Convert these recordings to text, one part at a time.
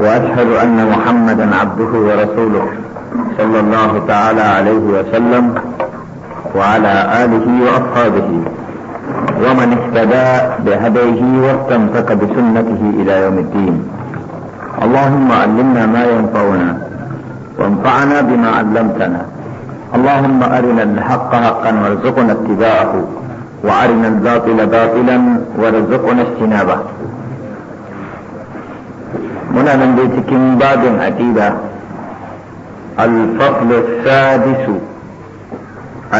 واشهد ان محمدا عبده ورسوله صلى الله تعالى عليه وسلم وعلى اله واصحابه ومن اهتدى بهديه واستمسك بسنته الى يوم الدين اللهم علمنا ما ينفعنا وانفعنا بما علمتنا اللهم ارنا الحق حقا وارزقنا اتباعه وارنا الباطل باطلا وارزقنا اجتنابه muna nan dai cikin babin aqida al-fasl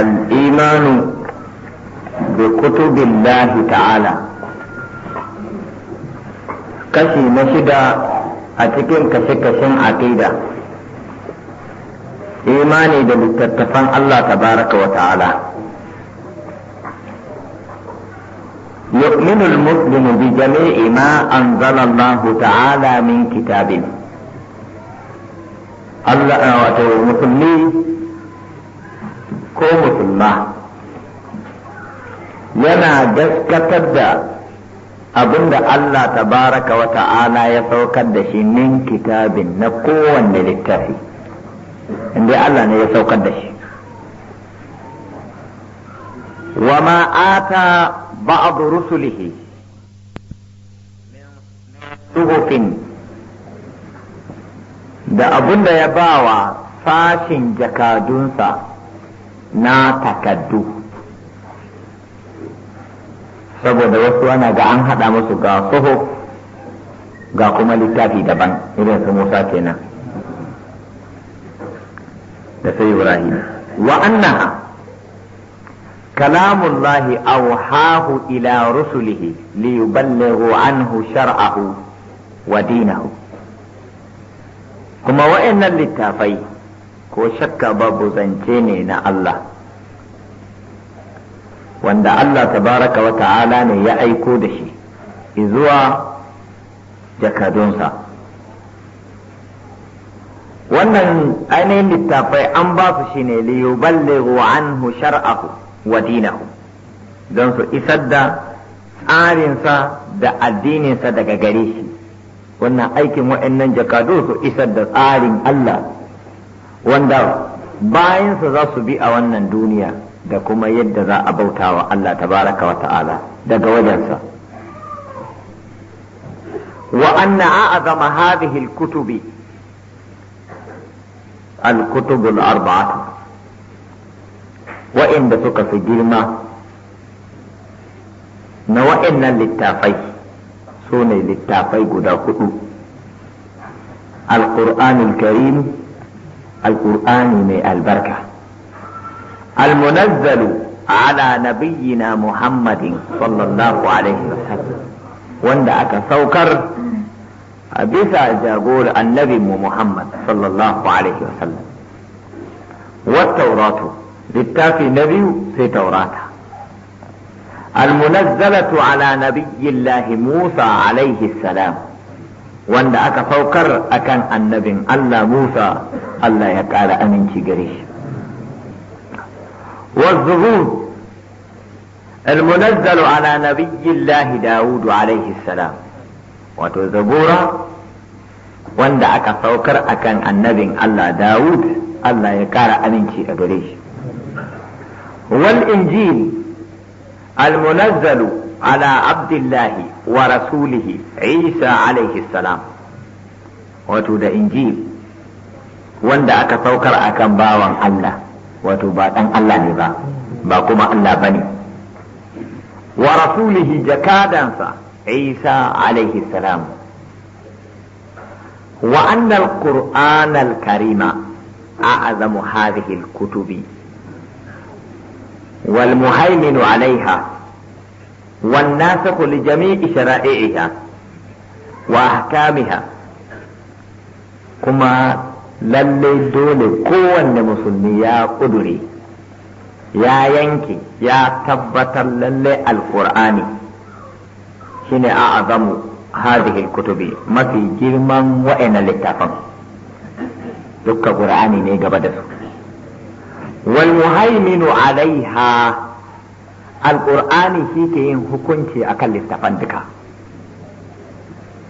al-iman bi kutubillahi ta'ala kashi na shida a cikin kashe-kashen aqida imani da littattafan Allah tabaraka wa يؤمن المسلم بجميع ما أنزل الله تعالى من كتابه الله أعطي المسلمين كوم الله لنا جسك تبدأ أبن الله تبارك وتعالى يسوك الدشي من كتاب نقوى للتافي عند الله يسوك الدشي wa ma ata ba'a rusulihi suhufin da abun da ya bawa sashin jakadunsa na takaddu saboda wasu ana ga an haɗa musu ga soho, ga kuma littafi daban irin su Musa kenan da sai Ibrahim wa annaha kalamullahi auhahu ila rusulihi li yuballighu anhu shar'ahu wa dinahu kuma wa'annan littafai ko shakka babu zance ne na Allah wanda Allah tabaraka wa ta'ala ne ya aiko da shi zuwa jakadunsa wannan ainihin littafai an basu su shi ne liyuballighu anhu shar'ahu wa dinahu don su isar da tsarinsa da addininsa daga gare shi wannan aikin wa'annan jakadu su isar da tsarin Allah wanda bayansa za su bi a wannan duniya da kuma yadda za a bauta wa Allah tabaraka wa ta'ala daga wajensa wa anna a'azama hadhihi al-kutubi al arbaatu wa'inda suka fi girma na wa'innan littafai su ne littafai guda hudu alkur'anul karim alkur'ani mai albarka almunazzalu ala nabiyyina muhammadin sallallahu alaihi wasallam wanda aka saukar a bisa jagora annabinmu muhammad sallallahu alaihi wasallam wa tauratu للتافي نبي في توراته المنزلة على نبي الله موسى عليه السلام وان اكا فوكر اكن النبي الله موسى الله يقال امين جريش والظهور المنزل على نبي الله داود عليه السلام وتذبورا وان اكا فوكر اكن النبي الله داود الله يقال امين جريش والإنجيل المنزل على عبد الله ورسوله عيسى عليه السلام wato da injil wanda aka saukar akan bawan Allah wato ba ɗan Allah ne ba ba kuma Allah ba ne wa rasulihi jakadansa isa alaihi salam wa annal qur'anal karima a azamu hadhihi kutubi alaiha عليها والناسخ لجميع شرائعها وأحكامها kuma lallai dole kowanne musulmi ya ƙudure ya yanke ya tabbatar lallai al'kur'ani shine a azamu hadhihi kutubi mafi girman wa'ina littafan dukkan gur'ani ne gaba da su والمهيمن عليها القرآن yin hukunci akan littafan duka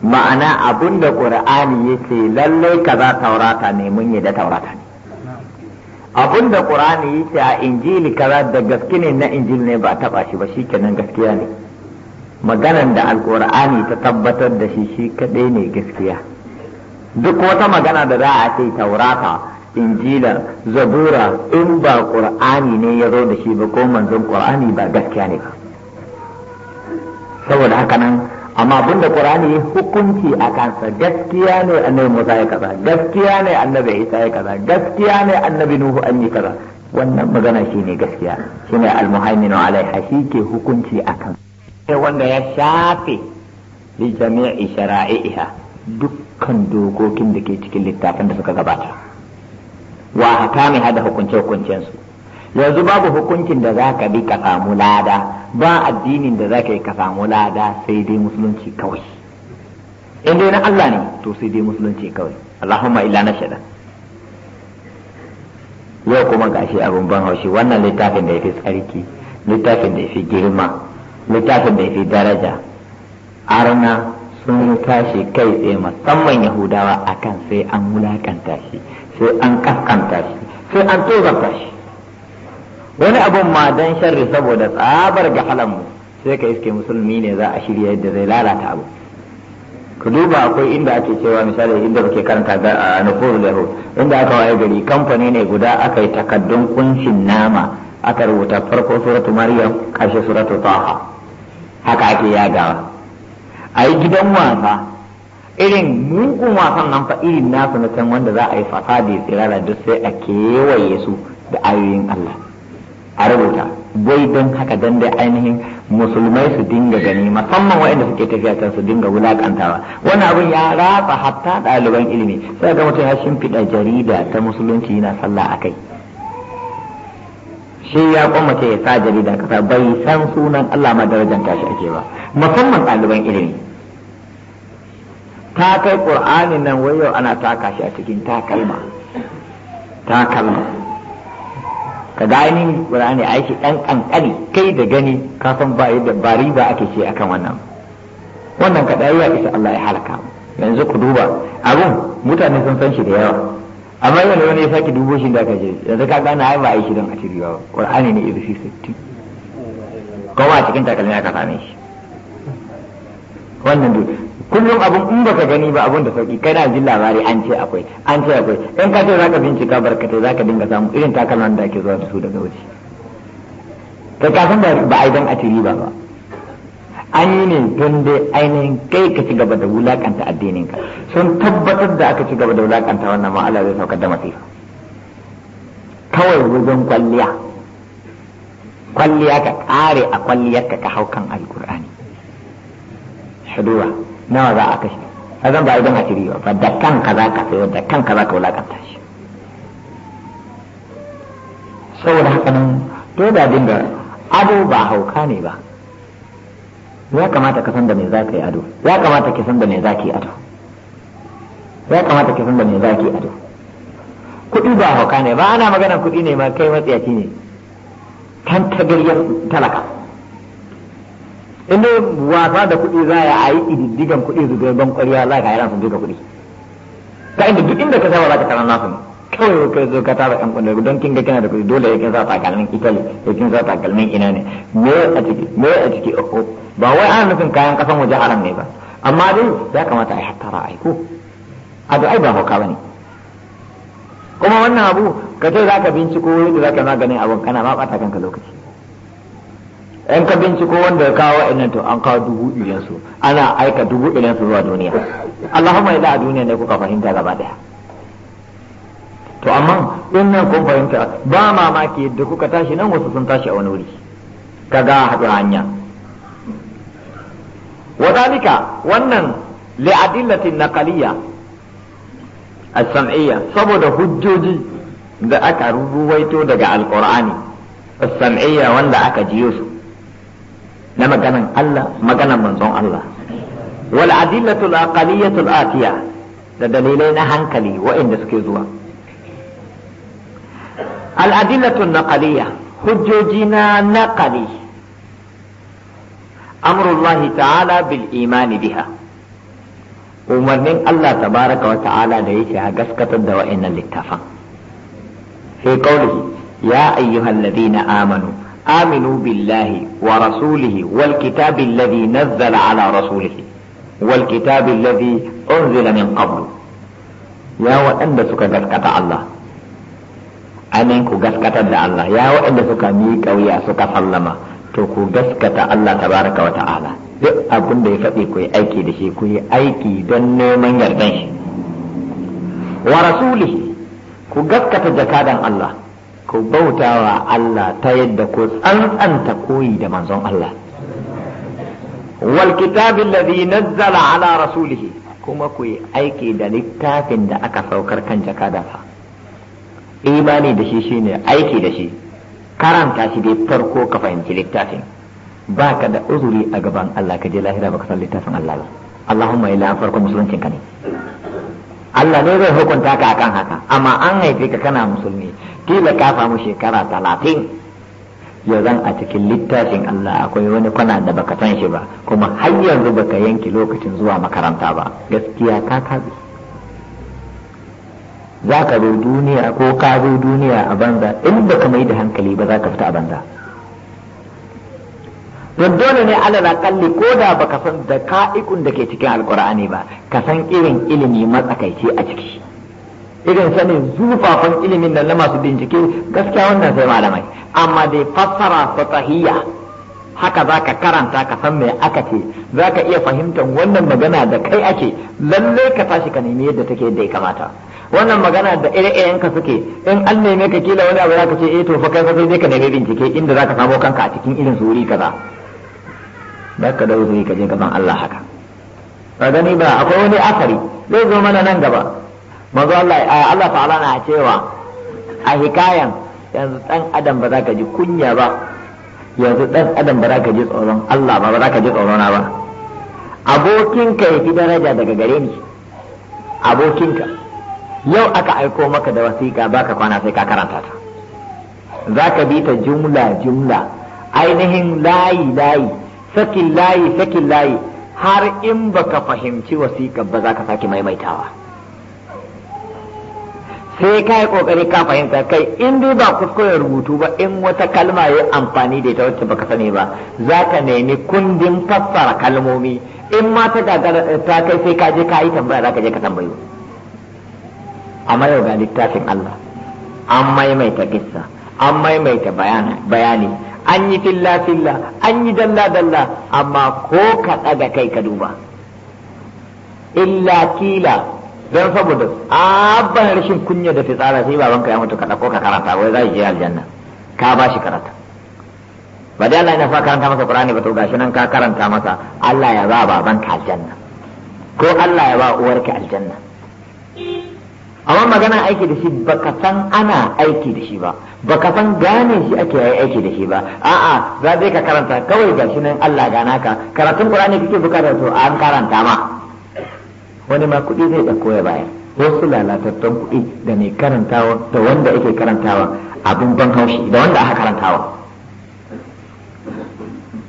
ma'ana abun da ƙur'ani ya ce lallai kaza taurata ne mun yi da taurata ne abun da ƙur'ani ya ce a injili kaza da gaske ne na injili ne ba taɓa shi ba shi kenan gaskiya ne maganan da alƙur'ani ta tabbatar da shi shi kaɗai ne gaskiya duk wata magana da za a ce taurata injila zabura in ba ƙur'ani ne ya zo da shi ba ko manzon qur'ani ba gaskiya ne ba saboda haka nan amma abinda qur'ani hukunci a kansa gaskiya ne annabi Musa ya kaza gaskiya ne annabi Isa ya kaza gaskiya ne annabi Nuhu an yi kaza wannan magana shi ne gaskiya shine al-muhaiminu alaiha shi ke hukunci akan wanda ya shafe li jami'i shara'iha dukkan dokokin da ke cikin littafin da suka gabata wa mai hada hukunce hukuncensu yanzu babu hukuncin da za ka bi ka samu lada ba addinin da za ka yi ka samu lada sai dai musulunci kawai in dai na Allah ne to sai dai musulunci kawai Allahumma illa na shada yau kuma gashi abin ban haushi wannan littafin da ya fi tsarki littafin da ya fi girma littafin da ya fi daraja arna sun tashi kai tsaye musamman yahudawa akan sai an wulakanta shi sai an kaskanta shi sai an tozarta shi wani abun ma don sharri saboda tsabar ga halammu sai ka iske musulmi ne za a shirya yadda zai lalata abu ku duba akwai inda ake cewa misali inda kake karanta ga a nufurul yahud inda aka waye gari kamfani ne guda aka yi takaddun kunshin nama aka rubuta farko suratu maryam karshe suratu taha haka ake yagawa a yi gidan wasa irin mugun wasan nan fa irin nasu na can wanda za a yi fasadi tsirara duk sai a kewaye su da ayoyin Allah a rubuta wai don haka dan dai ainihin musulmai su dinga gani musamman waɗanda suke tafiya can su dinga wulakantawa wani abin ya ratsa hatta ɗaliban ilimi sai ga mutum ya shimfiɗa jarida ta musulunci yana sallah a kai shi ya kwamace ya sa jarida kasa bai san sunan Allah ma darajar tashi ake ba musamman ɗaliban ilimi ta kai ƙur'anin nan wai yau ana taka shi a cikin takalma takalma ka gani ƙur'ani aiki ɗan ƙanƙani kai da gani ka san ba yadda ba riba ake ce akan wannan wannan kaɗai ya isa Allah ya halaka yanzu ku duba abun mutane sun san shi da yawa amma yana wani ya sake dubo shi da aka ce yanzu ka gane ai ba aiki don a ci riba ƙur'ani ne irisi sittin kuma a cikin takalmi aka same shi wannan duk kullum abun in baka gani ba abun da sauki kai na jin labari an ce akwai an ce akwai in ka ce zaka bincika barkatai zaka dinga samu irin takalman da ake zuwa su daga waje kai ka san ba a idan a ci ba ba an yi ne don dai ainihin kai ka ci gaba da wulakanta addininka sun tabbatar da aka ci gaba da wulakanta wannan ma Allah zai saukar da masifa kawai wajen kwalliya kwalliya ka kare a kwalliyarka ka hau kan alkur'ani shaduwa nawa za a kashe zan ba idan a shiri ba da kanka za ka sayo da kanka za ka wulakanta shi saboda haka nan to da dinga ado ba hauka ne ba ya kamata ka san da me za ka yi ado ya kamata ka san da me za ki ado ya kamata ka san da me za ki ado kuɗi ba hauka ne ba ana maganar kuɗi ne ma kai matsiyaci ne kan tagaryar talaka inda wasa da kuɗi za a yi ididdigan kuɗi zubar ban ƙwariya za ka yi ransu duka kuɗi ta inda duk inda ka saba za ka tara nasu kawai ka zo ka tara kan kuɗi don kin ga kina da kuɗi dole ya za a takalmin italy ya za a takalmin ina ne me a ciki me a ciki oho ba wai ana nufin kayan kasan waje haram ne ba amma dai ya kamata a yi hattara a yi ko a da ai ba hauka ba ne kuma wannan abu ka ce za ka binciko yadda za ka maganin abin kana ma ɓata kanka lokaci in ka binciko wanda ya kawo innan to an kawo dubu ɗirin su ana aika dubu ɗirin su zuwa duniya Allahumma idan a duniya ne kuka fahimta gaba daya to amma in nan kun fahimta ba mamaki yadda kuka tashi nan wasu sun tashi a wani wuri ka ga haɗu hanya wadalika wannan li'adillatin naqaliya as-sam'iyya saboda hujjoji da aka rubuwaito daga alqur'ani as-sam'iyya wanda aka jiyo su na maganan Allah maganan manzon Allah wal adillatul aqaliyatul atiya da dalilai na hankali waɗanda suke zuwa al adillatul naqaliya hujjoji na naqali amrullahi ta'ala bil imani biha umarnin Allah tabaraka wa ta'ala da yake a gaskatar da wa'annan littafan sai kaulihi ya ayyuhal ladina amanu آمنوا بالله ورسوله والكتاب الذي نزل على رسوله والكتاب الذي أنزل من قبل يا وأن سكا الله anan ku gaskatar da Allah ya waɗanda suka miƙa wuya suka sallama to ku gaskata Allah tabaraka wa ta'ala duk abin da ya faɗi ku yi aiki da shi ku yi aiki don neman yardan shi wa rasuli ku gaskata jakadan Allah ku bautawa Allah ta yadda ku tsantsanta koyi da manzon Allah wal kitabin ladhi nazzala ala rasulih kuma ku yi aiki da littafin da aka saukar kan jakadansa imani da shi shine aiki da shi karanta shi dai farko ka fahimci littafin baka da uzuri a gaban Allah ka je lahira baka san littafin Allah ba Allahumma ila farko musuluncin ka ne Allah ne zai hukunta ka akan haka amma an haife ka kana musulmi kila ka samu shekara talatin ya zan a cikin littafin Allah akwai wani kwana da baka san shi ba kuma har yanzu baka yanke lokacin zuwa makaranta ba gaskiya ka kabi za ka zo duniya ko ka zo duniya a banza in baka mai da hankali ba za ka fita a banza don dole ne alal akalli ko da baka san da ka'ikun da ke cikin alkur'ani ba ka san irin ilimi matsakaici a ciki irin sanin zufafan ilimin da na masu bincike gaskiya wannan sai malamai amma dai fassara fatahiyya haka za ka karanta ka san me aka ce za ka iya fahimtar wannan magana da kai ake lalle ka tashi ka nemi yadda take da ya kamata wannan magana da ire-iren ka suke in an neme ka kila wani abu za ka ce eh to fa kai fa sai ka nemi bincike inda za ka samo kanka a cikin irin su wuri kaza za ka dau ka je gaban Allah haka ba gani ba akwai wani asari zai zo mana nan gaba manzo Allah Allah ta'ala na cewa a hikayan yanzu dan adam ba za ka ji kunya ba yanzu dan adam ba za ka ji tsoron Allah ba ba za ka ji tsoron ba abokinka ya fi daraja daga gare ni abokinka yau aka aiko maka da wasiƙa baka kwana sai ka karanta ta za ka bi ta jumla jumla ainihin layi layi sakin layi sakin layi har in baka fahimci wasiƙar ba za ka sake maimaitawa sai ka yi ƙoƙari ka fahimta kai in dai ba kuskuren rubutu ba in wata kalma ya amfani da ita wacce baka sani ba za ka nemi kundin fassara kalmomi in ma ta ta kai sai ka je ka yi tambaya za ka je ka tambayo amma yau ga littafin Allah an maimaita kissa an maimaita bayani an yi filla filla an yi dalla dalla amma ko ka ɗaga kai ka duba illa kila don saboda abban rashin kunya da fitsara sai babanka ya mutu ka ɗauko ka karanta wai za shi je aljanna ka ba shi karanta ba dai Allah yana fa karanta masa Qur'ani ba to gashi nan ka karanta masa Allah ya ba baban ka aljanna ko Allah ya ba uwarka aljanna amma magana aiki da shi baka san ana aiki da shi ba baka san gane shi ake yi aiki da shi ba a'a za zai ka karanta kawai ga shi nan Allah gana ka karatun Qur'ani kike bukata to an karanta ma wani ma kuɗi zai ɗauko ya bayar wasu lalatattun kuɗi da ne karantawa da wanda ake karantawa abin ban haushi da wanda aka karantawa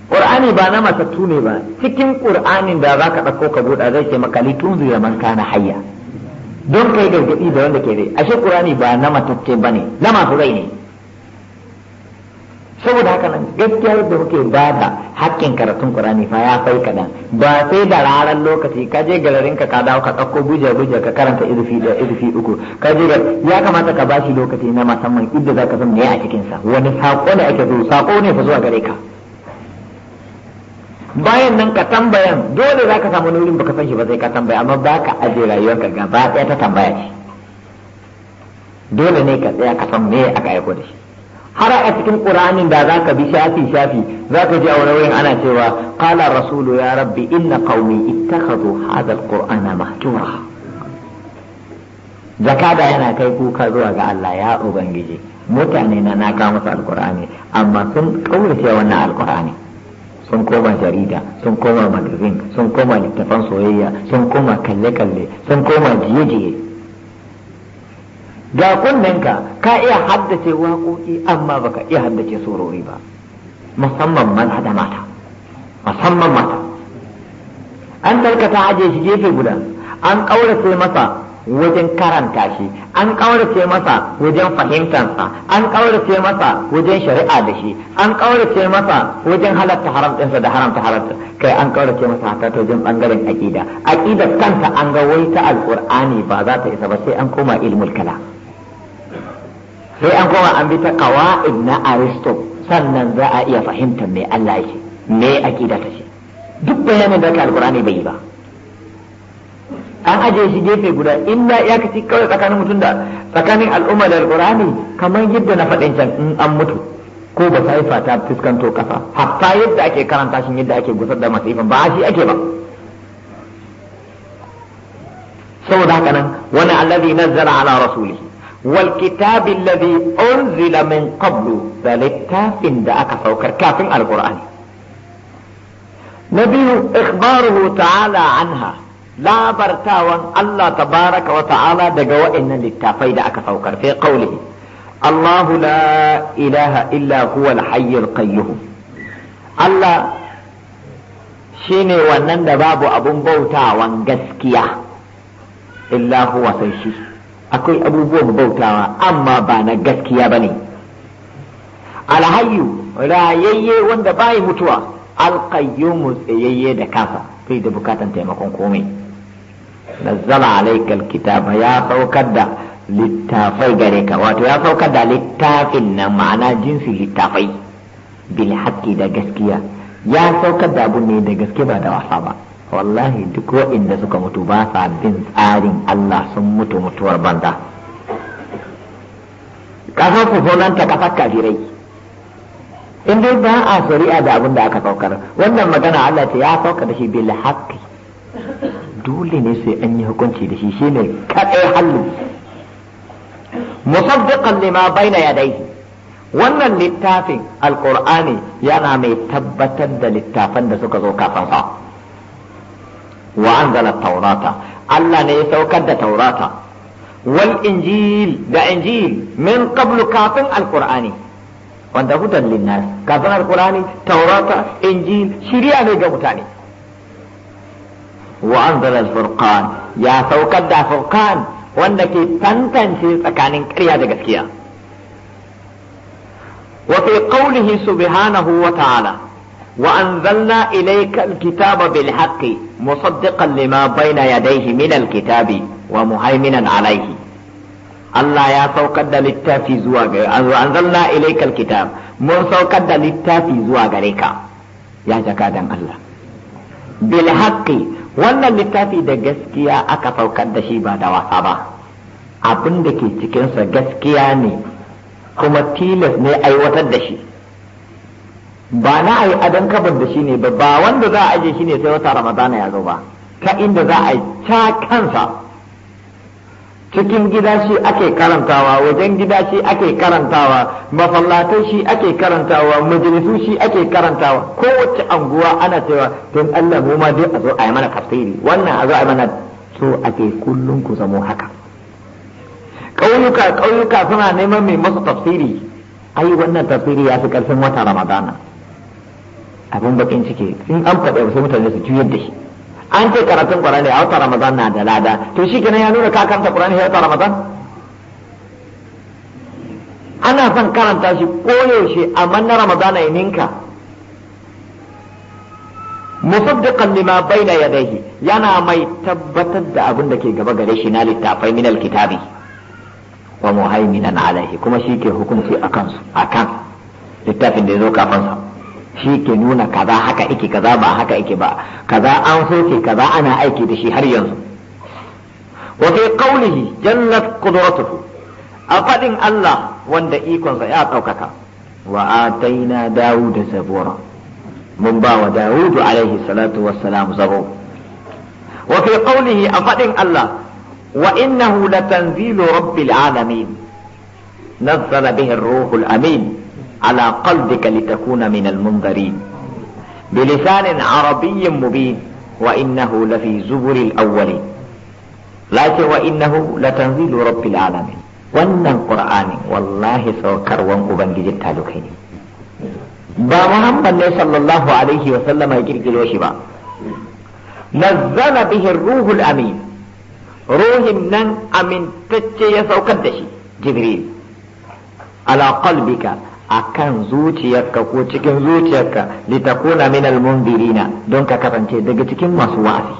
Qur'ani ba na matattu ne ba cikin qur'ani da za ka dauko ka buɗa zai ce maka litunzu ya man kana hayya don kai gargaɗi da wanda ke dai ashe Qur'ani ba na ba bane na masu rai ne saboda haka nan gaskiya yadda muke ba da hakkin karatun qur'ani fa ya kai kaɗan ba sai da ranar lokaci ka je galarin ka ka dawo ka ɗauko buja buja ka karanta izufi da izufi uku ka je ya kamata ka bashi lokaci na musamman inda zaka san me a cikin sa wani sako ne ake zo sako ne fa zuwa gare ka bayan nan ka tambayan dole za samu nurin baka san shi ba sai ka tambaya amma ba ka aje rayuwarka gaba ɗaya ta tambaya dole ne ka tsaya ka san me aka aiko da shi har a cikin qur'anin da zaka bi shafi shafi zaka ji a wani wurin ana cewa qala rasulu ya rabbi inna qaumi ittakhadhu hadha alqur'ana mahjura Jakada yana kai kuka zuwa ga Allah ya ubangiji mutane na na masa musu alqur'ani amma sun kaurace wannan alqur'ani sun koma jarida sun koma magazin sun koma littafan soyayya sun koma kalle-kalle sun koma jiye-jiye ga kunninka ka iya haddace waƙoƙi amma baka iya haddace surori ba musamman maza da mata musamman mata an tarkata aje shi gefe guda an ƙaurace masa wajen karanta shi an ƙaurace masa wajen fahimtansa an ƙaurace masa wajen shari'a da shi an ƙaurace masa wajen halatta haram da haramta halatta kai an ƙaurace masa haka ta wajen ɓangaren aƙida aƙidar kanta an ga wai ta alƙur'ani ba za ta isa ba sai an koma ilmul kalam sai an koma an bi ta kawa na aristo sannan za a iya fahimta mai Allah yake me akida ta ce duk bayanin da ka alkurani bai yi ba an aje shi gefe guda inda ya kaci kawai tsakanin mutum da tsakanin al'umma da alkurani kamar yadda na faɗin can in an mutu ko ba saifa ta fuskanto kafa hatta yadda ake karanta shi yadda ake gusar da masifin ba shi ake ba saboda haka nan wani allazi nazzala ala rasuli wal kitabi alladhi unzila min qablu da littafin da aka saukar kafin alqur'ani na biyu ikhbaruhu ta'ala anha labartawan Allah tabaraka wa ta'ala daga wa'annan littafai da aka saukar sai Allahu la ilaha illa huwa al-hayyul qayyum Allah shine wannan da babu abun bautawan gaskiya illa huwa sai shi akwai abubuwan bautawa amma ba na gaskiya ba ne alhayu rayayye wanda bayi mutuwa alkayyumu tsayayye da kafa bai da bukatan taimakon komai nazzala alaika kitaba ya saukar da littafai gare ka wato ya saukar da littafin na ma'ana jinsi littafai bil da gaskiya ya saukar da abu ne da gaske ba da wasa ba wallahi duk waɗanda suka mutu ba sa bin tsarin Allah sun mutu mutuwar banza kasar ku zonanta kasar kafirai in dai ba a shari'a da abin da aka saukar wannan magana Allah ce ya sauka da shi bil haqqi dole ne sai an yi hukunci da shi shine kadai hallu musaddiqan lima baina yadayhi wannan littafin Alƙur'ani yana mai tabbatar da littafan da suka zo kafin sa وأنزل التوراة ألا نيسو كد توراة والإنجيل دا إنجيل من قبل كاتن القرآن وانده هدى للناس كاتن القرآن توراة إنجيل شريعة لجمتاني وأنزل الفرقان يا سو كد فرقان وانده كي تنتن شريطة كانين كريا دا وفي قوله سبحانه وتعالى وأنزلنا إليك الكتاب بالحق مصدقا لما بين يديه من الكتاب ومهيمنا عليه Allah ya saukar da littafi zuwa gare anzalna ilaikal kitab mun saukar littafi zuwa gare ka ya jakadan Allah bil wannan littafi da gaskiya aka saukar da shi ba da wasa ba ke cikinsa gaskiya ne kuma tilas ne aiwatar da shi ba na ayi adon kabar da shi ne ba ba wanda za a aje shi ne sai wata ramadana ya zo ba ta inda za a ca kansa cikin gida shi ake karantawa wajen gida shi ake karantawa mafallatai shi ake karantawa majalisu shi ake karantawa kowace anguwa ana cewa don Allah mu ma dai a zo a yi mana tafsiri wannan a zo a yi mana so ake kullum ku zamo haka ƙauyuka ƙauyuka suna neman mai masa tafsiri ai wannan tafsiri ya fi ƙarfin wata ramadana abin bakin ciki in an faɗi wasu mutane su juyar da shi an ce karatun qur'ani a wata ramadan na da lada to shi kenan ya nuna ka karanta qur'ani a wata ramadan ana son karanta shi koyaushe manna na a ya ninka musaddiqan lima baina yadayhi yana mai tabbatar da abin da ke gaba gare shi na littafai min alkitabi wa muhaiminan alaihi kuma shi ke hukunci akan su akan littafin da ya zo kafansa. shi ke nuna kaza haka ike kaza ba haka ike ba kaza an soke kaza ana aiki da shi har yanzu wa fi qawlihi jallat qudratuhu a fadin Allah wanda ikonsa ya daukaka. wa ataina dawuda zabura mun ba wa dawudu alaihi salatu wassalam zabo wa fi qawlihi a fadin Allah wa innahu latanzilu rabbil alamin nazzala bihi ar-ruhul amin على قلبك لتكون من المنذرين بلسان عربي مبين وإنه لفي زبر الأولين لكن وإنه لتنزيل رب العالمين wannan ƙur'ani wallahi saukarwan ubangijin talukai ne ba muhammad ne sallallahu alaihi wa sallama ya kirkiro shi ba nazzala bihi ruhul amin ruhin nan amintacce ya saukar da shi jibril ala qalbika akan zuciyarka ko cikin zuciyarka litakuna min almundirina don ka kasance daga cikin masu wa'azi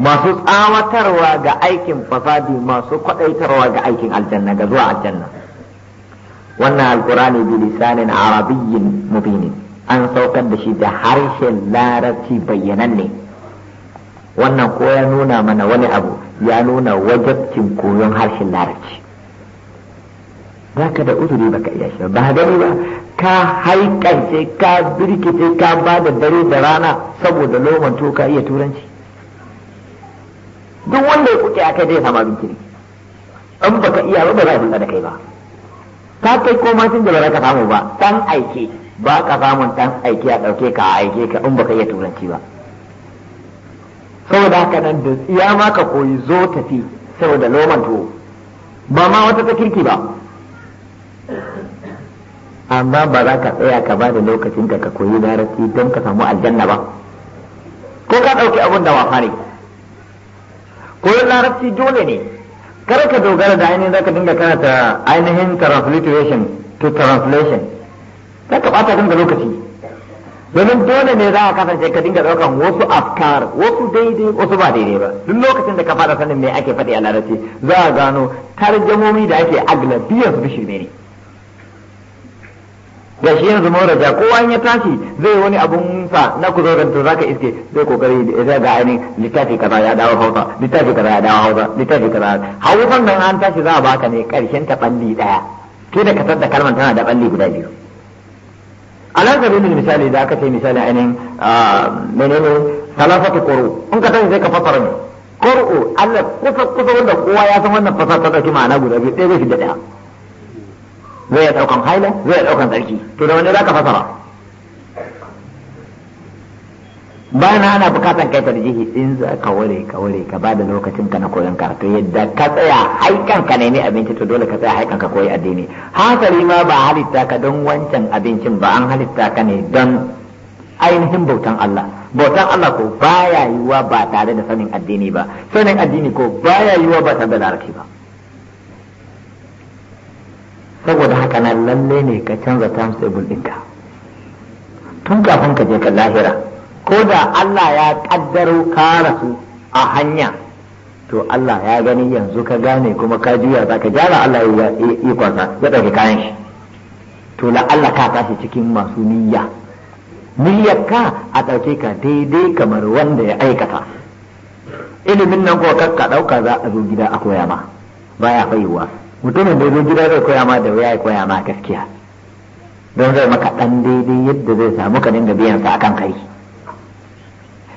masu tsawatarwa ga aikin fasadi masu kwadaitarwa ga aikin aljanna ga zuwa aljanna wannan alkurani bi lisanin arabiyyin mubinin an saukar da shi da harshen larabci ne. wannan ko ya nuna mana wani abu ya nuna wajabcin koyon harshen larabci ba ka da uzuri baka iya shi ba gani ba ka haikance ka birkice ka ba da dare da rana saboda loman to ka iya turanci duk wanda ya kuke kai zai sama bincike in baka iya ba ba za a da kai ba ka kai koma tun da ba ka samu ba dan aike ba ka samun dan aike a ɗauke ka a aike ka in baka iya turanci ba saboda haka nan da iya ma ka koyi zo tafi saboda loman to ba ma wata ta kirki ba amma ba za ka tsaya ka ba da lokacin ka koyi larabci don ka samu aljanna ba ko ka ɗauki abin da wafa ne koyon larabci dole ne kar ka dogara da ainihin zaka ka dinga ta ainihin transliteration to translation za ka ɓata dinga lokaci domin dole ne za a kasance ka dinga ɗaukan wasu afkar wasu daidai wasu ba daidai ba duk lokacin da ka fara sanin me ake faɗi a larabci za a gano tarjamomi da ake aglabiyar su bishirme ne ga shi yanzu mawaraja kowa ya tashi zai wani abun sa na zo ranta zaka iske zai kokari zai ga ainihin littafi kaza ya dawo hausa littafi kaza ya dawo hausa littafi kaza hausan nan an tashi za a baka ne karshen ta balli daya ke da kasar da kalmar tana da balli guda biyu ka bin misali da aka ce misali ainihin menene salafatu koro in ka tashi zai ka fasara ne koro Allah kusa kusa wanda kowa ya san wannan fasara ta dauki ma'ana guda biyu ɗaya zai fi da ɗaya zai ya daukan haila zai ya daukan tsarki to da wani za ka fasara ba na ana bukatan kai tarjihi in za ka ware ka ware ka ba da lokacin ka na koyon to yadda ka tsaya haikan ka nemi abinci to dole ka tsaya haikan ka koyi addini hankali ma ba halitta ka don wancan abincin ba an halitta ka ne don ainihin bautan Allah bautan Allah ko baya yiwuwa ba tare da sanin addini ba sanin addini ko baya yiwuwa ba tare da larabci ba saboda haka na lalle ne ka canza times table dinka tun kafin ka je ka lahira ko da Allah ya kaddaro ka rasu a hanya to Allah ya gani yanzu ka gane kuma ka juya za ka gyara Allah ya yi kwasa ya ɗauki kayan shi to la Allah ka tashi cikin masu niyya niyyar ka a ɗauke ka daidai kamar wanda ya aikata ilimin nan ko ka ɗauka za a zo gida a koya ma baya faiwa mutumin da zai gida zai koya ma da wuya ya koya ma gaskiya don zai maka ɗan daidai yadda zai samu ka dinga biyan sa akan kai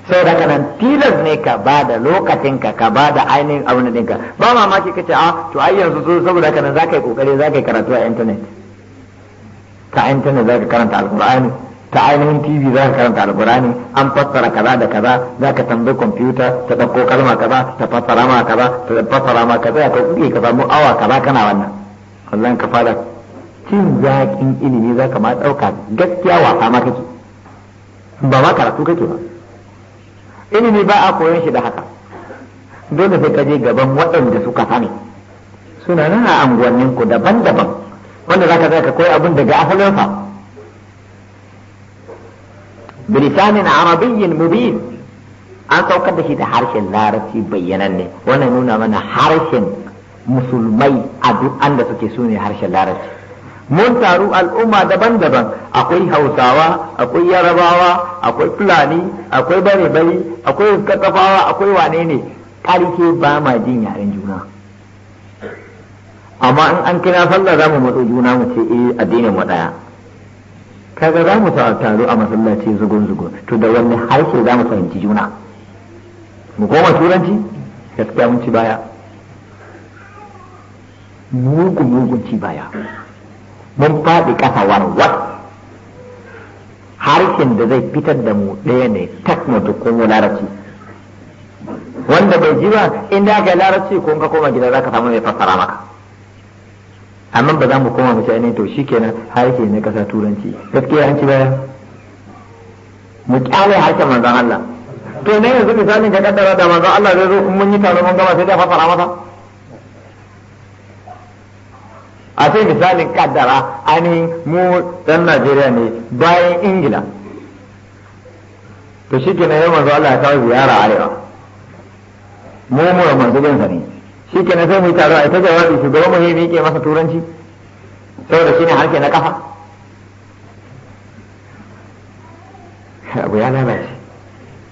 sau da kanan tilas ne ka ba da lokacinka ka ba da ainihin abin ɗinka ba mamaki ka ce a ah, to ai yanzu so saboda kanan za ka yi ƙoƙari za ka yi karatu a intanet ta intanet za ka karanta alkur'ani ta ainihin tv za ka karanta alkurani an fassara kaza da kaza za ka tambayi kwamfuta ta ɗauko kalma kaza ta fassara ma kaza ta fassara ma kaza ya kai kuke ka samu awa kaza kana wannan Wannan ka fara cin zaƙin ilimi za ka ma ɗauka gaskiya wasa ma kake ba ma karatu kake ba ilimi ba a koyon shi da haka dole sai ka je gaban waɗanda suka sani suna nan a anguwannin ku daban-daban wanda za ka zai ka koyi abin daga asalinsa bilisanin arabiyyin mubin an saukar da shi da harshen larabci bayyananne wannan nuna mana harshen musulmai a duk da suke su ne harshen larabci mun taru al'umma daban-daban akwai hausawa akwai yarabawa akwai fulani akwai bare akwai kakafawa akwai wane ne ƙarfe ba ma jin yaren juna amma in an kira sallah za mu matso juna mu ce eh addinin mu ɗaya kaga za mu taru a masallaci zugun zugun to da wani harshe za mu fahimci juna mu koma turanci gaskiya mun ci baya mugun mugun ci baya mun faɗi ƙasa warwar harshen da zai fitar da mu ɗaya ne takma da kuma larabci wanda bai ji ba inda ka larabci ko ka koma gida za ka samu mai fassara maka amma ba za mu koma mu ne to shikenan harshe ne kasa turanci gaskiya an ci baya mu kyale harshen manzan Allah to ne yanzu misalin ka kaddara da manzan Allah zai zo mun yi taro mun gama sai da fara mata a sai misalin kaddara ani mu dan Najeriya ne bayan Ingila to shikenan yau manzan Allah ya kawo ziyara arewa mu mu manzon ne shi ke sai mu yi taro a ita jawabi shugaban gaba muhimmi ke masa turanci saboda shi ne harke na kafa abu ya lalace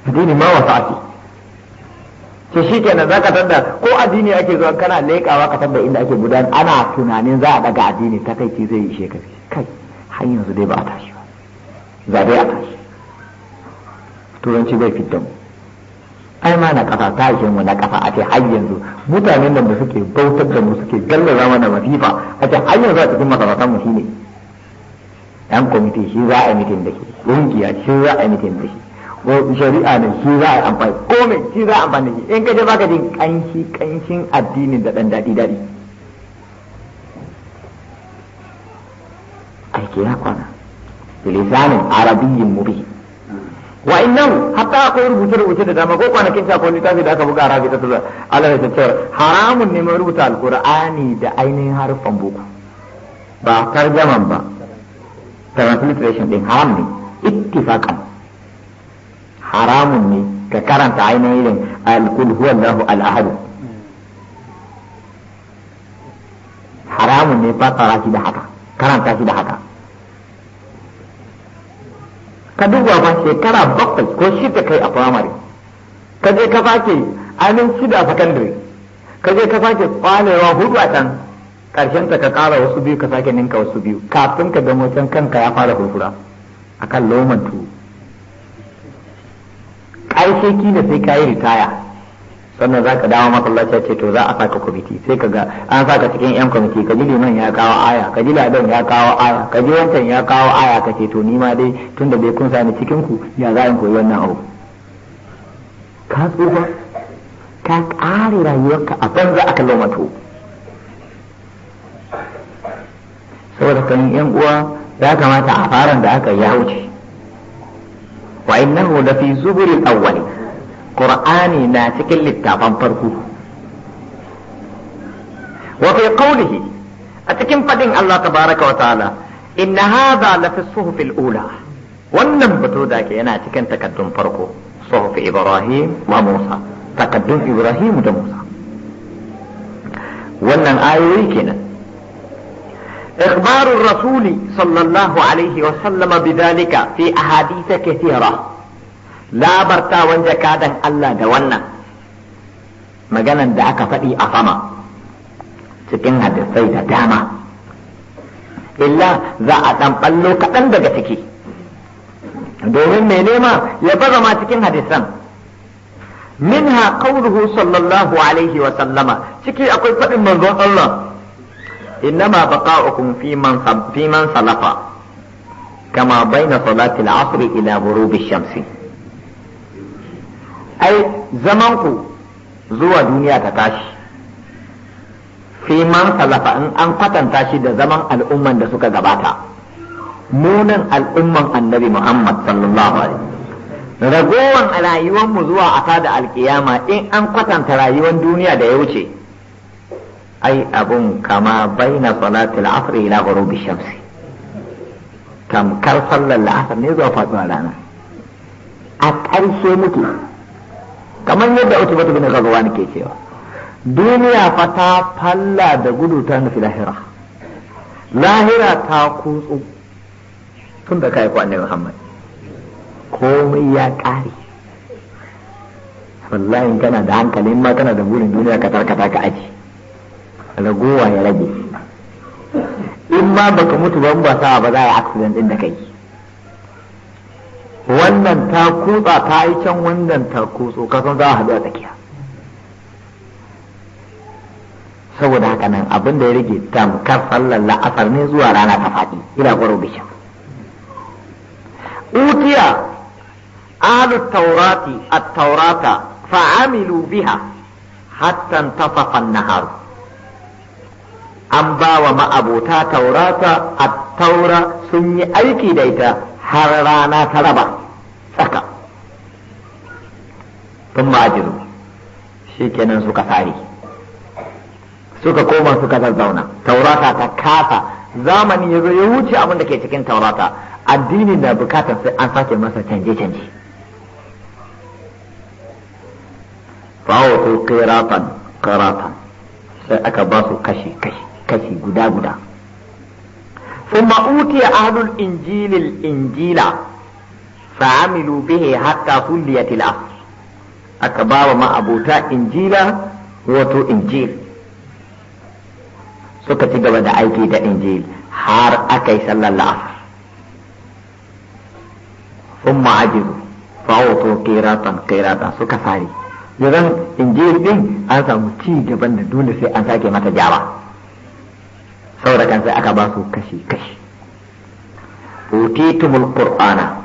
addini ma wasu ake ce shi ke nan zaka tadda ko addini ake zuwa kana leƙawa ka tadda inda ake gudan ana tunanin za a daga addini ta kai ci zai yi shekaru kai har yanzu dai ba a tashi ba za dai a tashi turanci bai fidda mu ai ma na kafa ta yi mu na kafa a ce har yanzu mutanen da suke bautar da mu suke gallaza mana masifa a ce har yanzu a cikin masarautar mu shine dan kwamiti shi za a yi mitin da shi ƙungiya shi za a yi mitin da shi shari'a ne shi za a yi amfani komai shi za a amfani da shi in ka je baka jin kanshi kanshin addinin da dan daɗi daɗi aiki ya kwana bilisanin arabiyyin mubin wa innan hatta akwai rubuce rubuce da dama ko kwanakin ta kwani tafi da aka buga rabi ta tuzar Allah ya cewa haramun ne mai rubuta alqur'ani da ainihin harfan boko ba tarjaman ba translation din haram ne ittifaqan haramun ne ka karanta ainihin alkul huwallahu al-ahad haramun ne fasara shi da haka karanta shi da haka ka duba ba shekara bakwai ko shida kai a firamare ka je ka fake amin shida a sakandare ka je ka fake kwalewa hudu a can karshen ka kara wasu biyu ka sake ninka wasu biyu kafin ka gama can kanka ya fara furfura akan loman tuwo ƙarshe kila sai ka yi ritaya sannan za ka dawo masallaci ce to za a saka kwamiti sai ka ga an saka cikin yan kwamiti ka ji liman ya kawo aya ka ji ladan ya kawo aya ka ji wancan ya kawo aya ka ce to ni ma dai tun da bai kun sani cikin ku ya za in koyi wannan abu ka tsufa ka ƙare rayuwarka a banza a kallon mato saboda kan yan uwa ya kamata a faran da aka ya wuce wa innahu da fi zuburil awwalin قرآني ناتك للتابان فرقو وفي قوله أتكن قدن الله تبارك وتعالى إن هذا لفي الصحف الأولى وننبتو ذاك يا ناتكن تقدم فرقو صحف إبراهيم وموسى تقدم إبراهيم وموسى ونن آيويكنا إخبار الرسول صلى الله عليه وسلم بذلك في أحاديث كثيرة labartawan jakadan Allah da wannan maganan da aka faɗi a fama cikin hadisai da dama illa za a ɗan kaɗan daga ciki domin mai nema ya baza ma cikin hadisan minha qawluhu sallallahu alaihi wa sallama ciki akwai faɗin manzon Allah innama baqa'ukum fi man salafa kama baina salati al-asr ila ghurubi shamsi ai zaman ku zuwa duniya ta tashi fi man salafa in an kwatanta shi da zaman al'umman da suka gabata munin al'umman annabi muhammad sallallahu alaihi ragowan a rayuwanmu zuwa a da alkiyama in an kwatanta rayuwar duniya da ya wuce ai abun kama baina salatul asr ila ghurubi shamsi tamkar sallar la'asar ne zuwa faduwar rana a ƙarshe muke kamar yadda utubatu bin ghazwan ke cewa duniya fa ta falla da gudu ta nufi lahira lahira ta kutsu tun da kai kwanne Muhammad komai ya kare wallahi kana da hankali ma kana da burin duniya ka tarka ta ka aji ragowa ya rage in ma baka mutu ban ba sa ba za a yi accident din da kai wannan ta kutsa ta yi can wannan ta kutso kasan za a haɗu a tsakiya saboda haka nan abin da ya rage tamkar sallar la'asar ne zuwa rana ta faɗi ila gwaro bishan utiya ahlu taurati a taurata fa'amilu biha hatta intafafa an-nahar an ba wa ma'abota taurata a taura sun yi aiki da ita har rana ta raba tsaka tun ma'ajiru shi kenan suka sare suka koma suka zazzauna taurata ta kasa zamani ya zo ya wuce abin da ke cikin taurata addini na bukatar sai an sake masa canje-canje fa'awatu qiratan karata, sai aka ba su kashi kashi guda guda thumma utiya ahlul injilil injila fa'amilu bihi hatta kulliyatil aka bawa abota injila wato injil suka ci gaba da aiki da injil har aka yi sallar la'asar sun ma'ajiru fawoto keratan keratan suka fari yanzu injil din an samu ci gaban da dole sai an sake mata jaba saurakan sai aka ba su kashi kashi utitumul qur'ana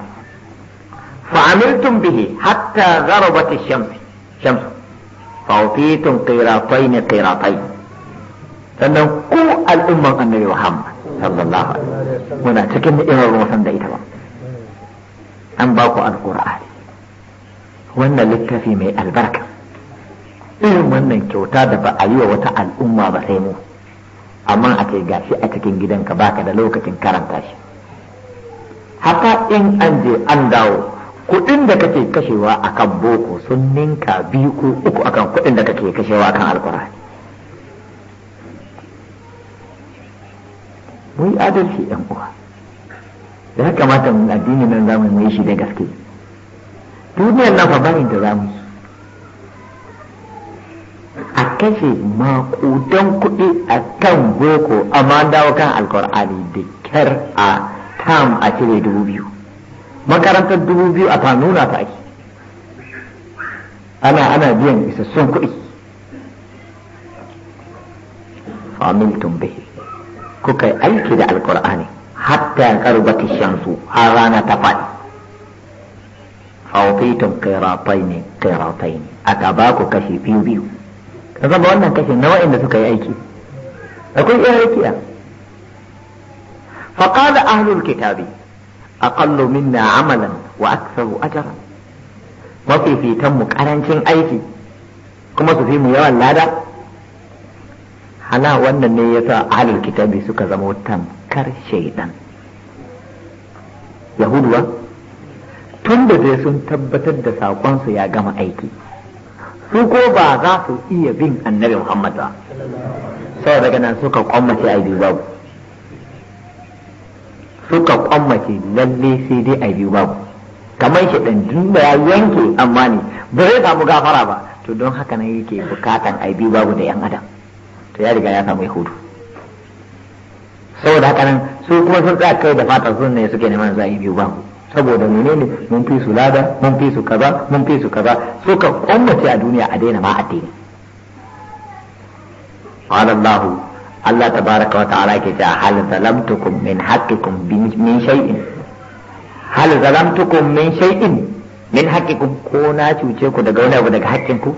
fa'amiltum bihi hatta gharabat ash-shams shams fa'utitum qiratayn qiratayn sannan ku al'umman annabi Muhammad sallallahu alaihi wasallam muna cikin ni'imar wasan da ita ba an ba ku alqur'ani wannan littafi mai albarka irin wannan kyauta da ba a yi wa wata al'umma ba sai mu amma a kai gashi a cikin gidanka baka da lokacin karanta shi haka in an je an dawo kuɗin da kake kashewa akan boko sun ninka biyu ko uku akan kuɗin da kake kashewa akan alkurani mu yi adalci yan uwa da ya kamata mu addini nan zamu mai shi da gaske duniyar nan fa da zamu yi a kashe makudan kuɗi a kan boko amma dawo kan alkur'ani da kyar a tam a cire dubu biyu makarantar dubu biyu a ta nuna ta ake ana ana biyan isassun kuɗi familtun bihi kuka yi aiki da alkur'ani hatta karba kishansu har rana ta faɗi fawfitun kairatai ne kairatai ne aka ba ku kashi biyu biyu ka zama wannan kashe na da suka yi aiki akwai iya rakiya فقال kitabi a أقل منا عملا wa أجرا mafi fitan mu karancin aiki kuma su fi mu yawan lada hana wannan ne yasa ahlul kitabi suka zama tamkar shaidan yahuduwa tun da sun tabbatar da saƙonsu ya gama aiki su ko ba za su iya bin annabi Muhammad ba sai daga nan suka kwammace a biyu babu suka kwammace lalle sai dai a biyu babu kamar shi dan dunda ya yanke amma ne ba zai samu gafara ba to don haka nan yake bukatan a biyu babu da yan adam to ya riga ya samu yahudu saboda haka nan su kuma sun tsaya kai da fatan sun ne suke neman za a yi biyu babu saboda menene mun fi su lada mun fi su kaza mun fi su kaza suka kwammace a duniya a daina ma addini qala allah allah tabaaraka wa ta'ala ke ta hal zalamtukum min haqqikum min shay'in hal zalamtukum min shay'in min haqqikum ko na cuce ku daga wani abu daga haƙƙin ku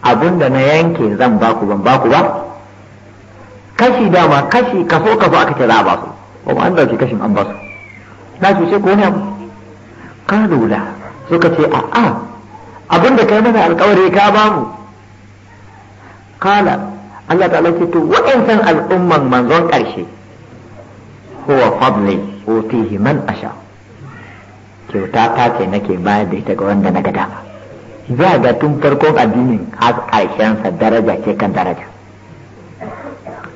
abunda na yanke zan ba ku ban ba ku ba kashi dama kashi kaso kaso aka ce za a basu ba an dauki kashin an basu na cuce ko ne abu kalu suka ce a a abin da kai mana alkawari ka ba mu kala Allah ta'ala ce to wa'ancan al'umman manzon ƙarshe. huwa fadli utihi man asha kyauta ta ce nake bayar da ita ga wanda na gada za ga tun farkon addinin har sa daraja ce kan daraja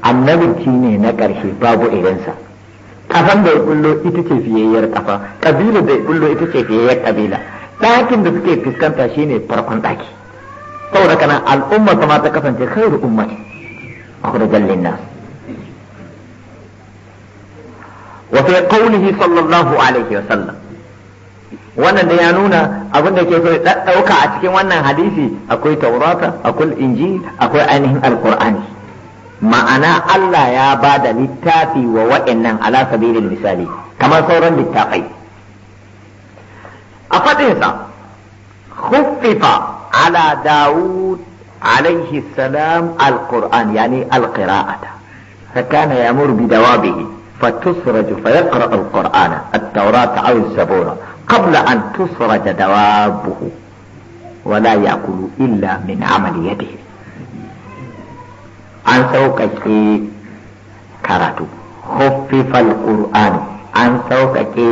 annabinci ne na ƙarshe babu irinsa kafan da ya bullo ita ce fiyayyar kafa kabilar da ya bullo ita ce fiyayyar kabila ɗakin da suke fuskanta shine farkon ɗaki saboda kana al'umma ta ma ta kasance khairu ummati akhrajan linnas wa fi qawlihi sallallahu alaihi wa sallam wannan da ya nuna abin da ke so ya ɗauka a cikin wannan hadisi akwai taurata akwai injil akwai ainihin alqur'ani ma'ana Allah ya ba da littafi wa wa'annan ala sabilin misali kamar sauran littafai a faɗinsa khuffifa ala dawud alaihi salam alquran yani alqira'ata فكان يمر بدوابه فتسرج فيقرأ القرآن التوراة أو الزبور قبل أن تسرج دوابه ولا يأكل إلا من عمل يده an sauƙaƙe karatu huffifal ƙur'an an sauƙaƙe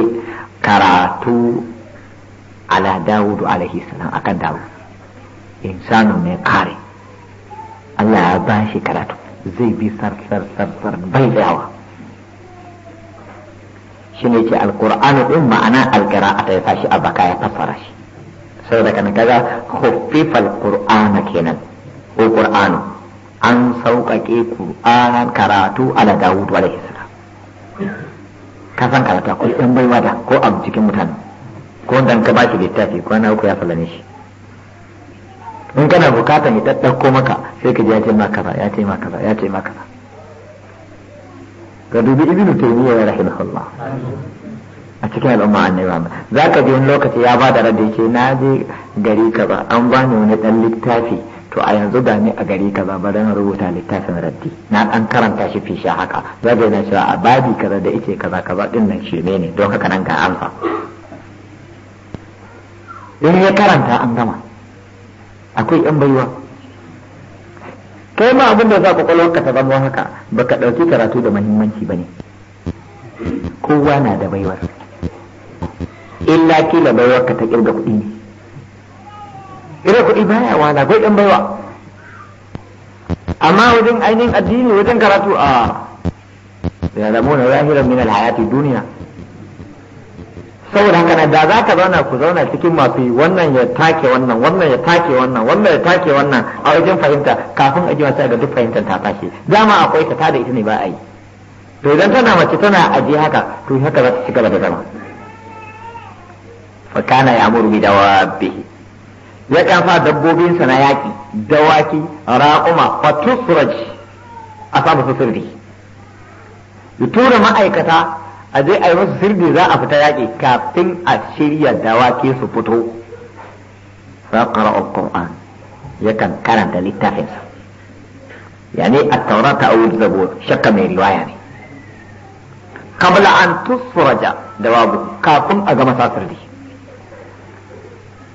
karatu ala dawudu alaihi salam akan dawo. insanu mai kare Allah ya ba shi karatu zai bi sar-sar-sar, bai dawa shi ne ce alƙur'an ɗin ma'ana ta yi fashi a baka ya fassara shi saboda kana kaza huffifal ƙur'ana kenan ko ƙur'anu an sauƙaƙe ƙur'anan karatu ala dawud wa alaihi salam ka san karatu akwai ɗan baiwa da ko a cikin mutane ko dan ka baki littafi kwana uku ya falane shi in kana bukatan ya ko maka sai ka ji ya ce ma kaza ya ce ma kaza ya ce ma kaza ka dubi ibnu taymiya ya rahimahullah a cikin al'umma annabi za ka ji wani lokaci ya da radda yake na je gari ka ba an bani wani dan littafi to a yanzu da ni a gari kaza ba dan rubuta littafin raddi na dan karanta shi fisha haka zaje yana cewa a babi kaza da yake kaza kaza din nan shi ne don haka nan ga alfa in ya karanta an gama akwai yan baiwa kai ma abin da za ku ka ta zama haka baka ɗauki karatu da muhimmanci ba ne kowa na da baiwar illa kila ka ta kirga kuɗi ne irin kuɗi baya wala akwai ɗan baiwa amma wajen ainihin addini wajen karatu a yalamuna zahiran min alhayati duniya saboda haka da za ka zauna ku zauna cikin mafi wannan ya take wannan wannan ya take wannan wannan ya take wannan a wajen fahimta kafin a ji ga duk fahimtar ta tashi dama akwai ta da ita ne ba a yi to idan tana mace tana ajiye haka to haka za ta ci gaba da zama fa kana ya amuru bi dawabihi ya kafa dabbobinsa na yaƙi dawaki raƙuma fatusraj a sa su sirri ya tura ma'aikata a je a yi musu sirri za a fita yaƙi kafin a shirya dawaki su fito faƙara al ya kan karanta littafinsa yani at-taurata aw zabo shakka mai riwaya ne kamala an tusraja dawabu kafin a gama sa sirri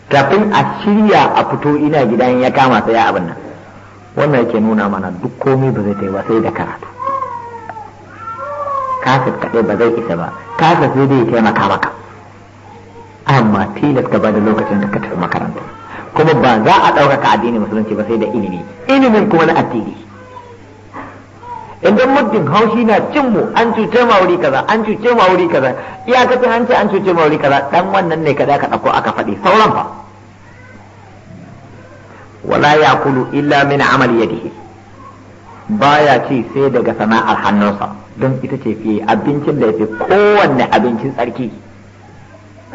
kafin a shirya a fito ina in ya kama sai abin nan wannan yake nuna mana duk komai ba zai kai ba sai da karatu kasif kaɗai ba zai isa ba kasif sai dai taimaka maka amma tilas ka ba da lokacin da ka tafi makaranta kuma ba za a ɗaukaka addini musulunci ba sai da ilimi ilimin kuma na addini idan muddin haushi na cin mu an cuce ma wuri kaza an cuce ma wuri kaza iyakacin an ce an cuce ma wuri kaza dan wannan ne kada ka dauko aka faɗi sauran fa wala yakulu illa min amali yadihi baya ci sai daga sana'ar hannunsa don ita ce fiye abincin da yafi kowanne abincin tsarki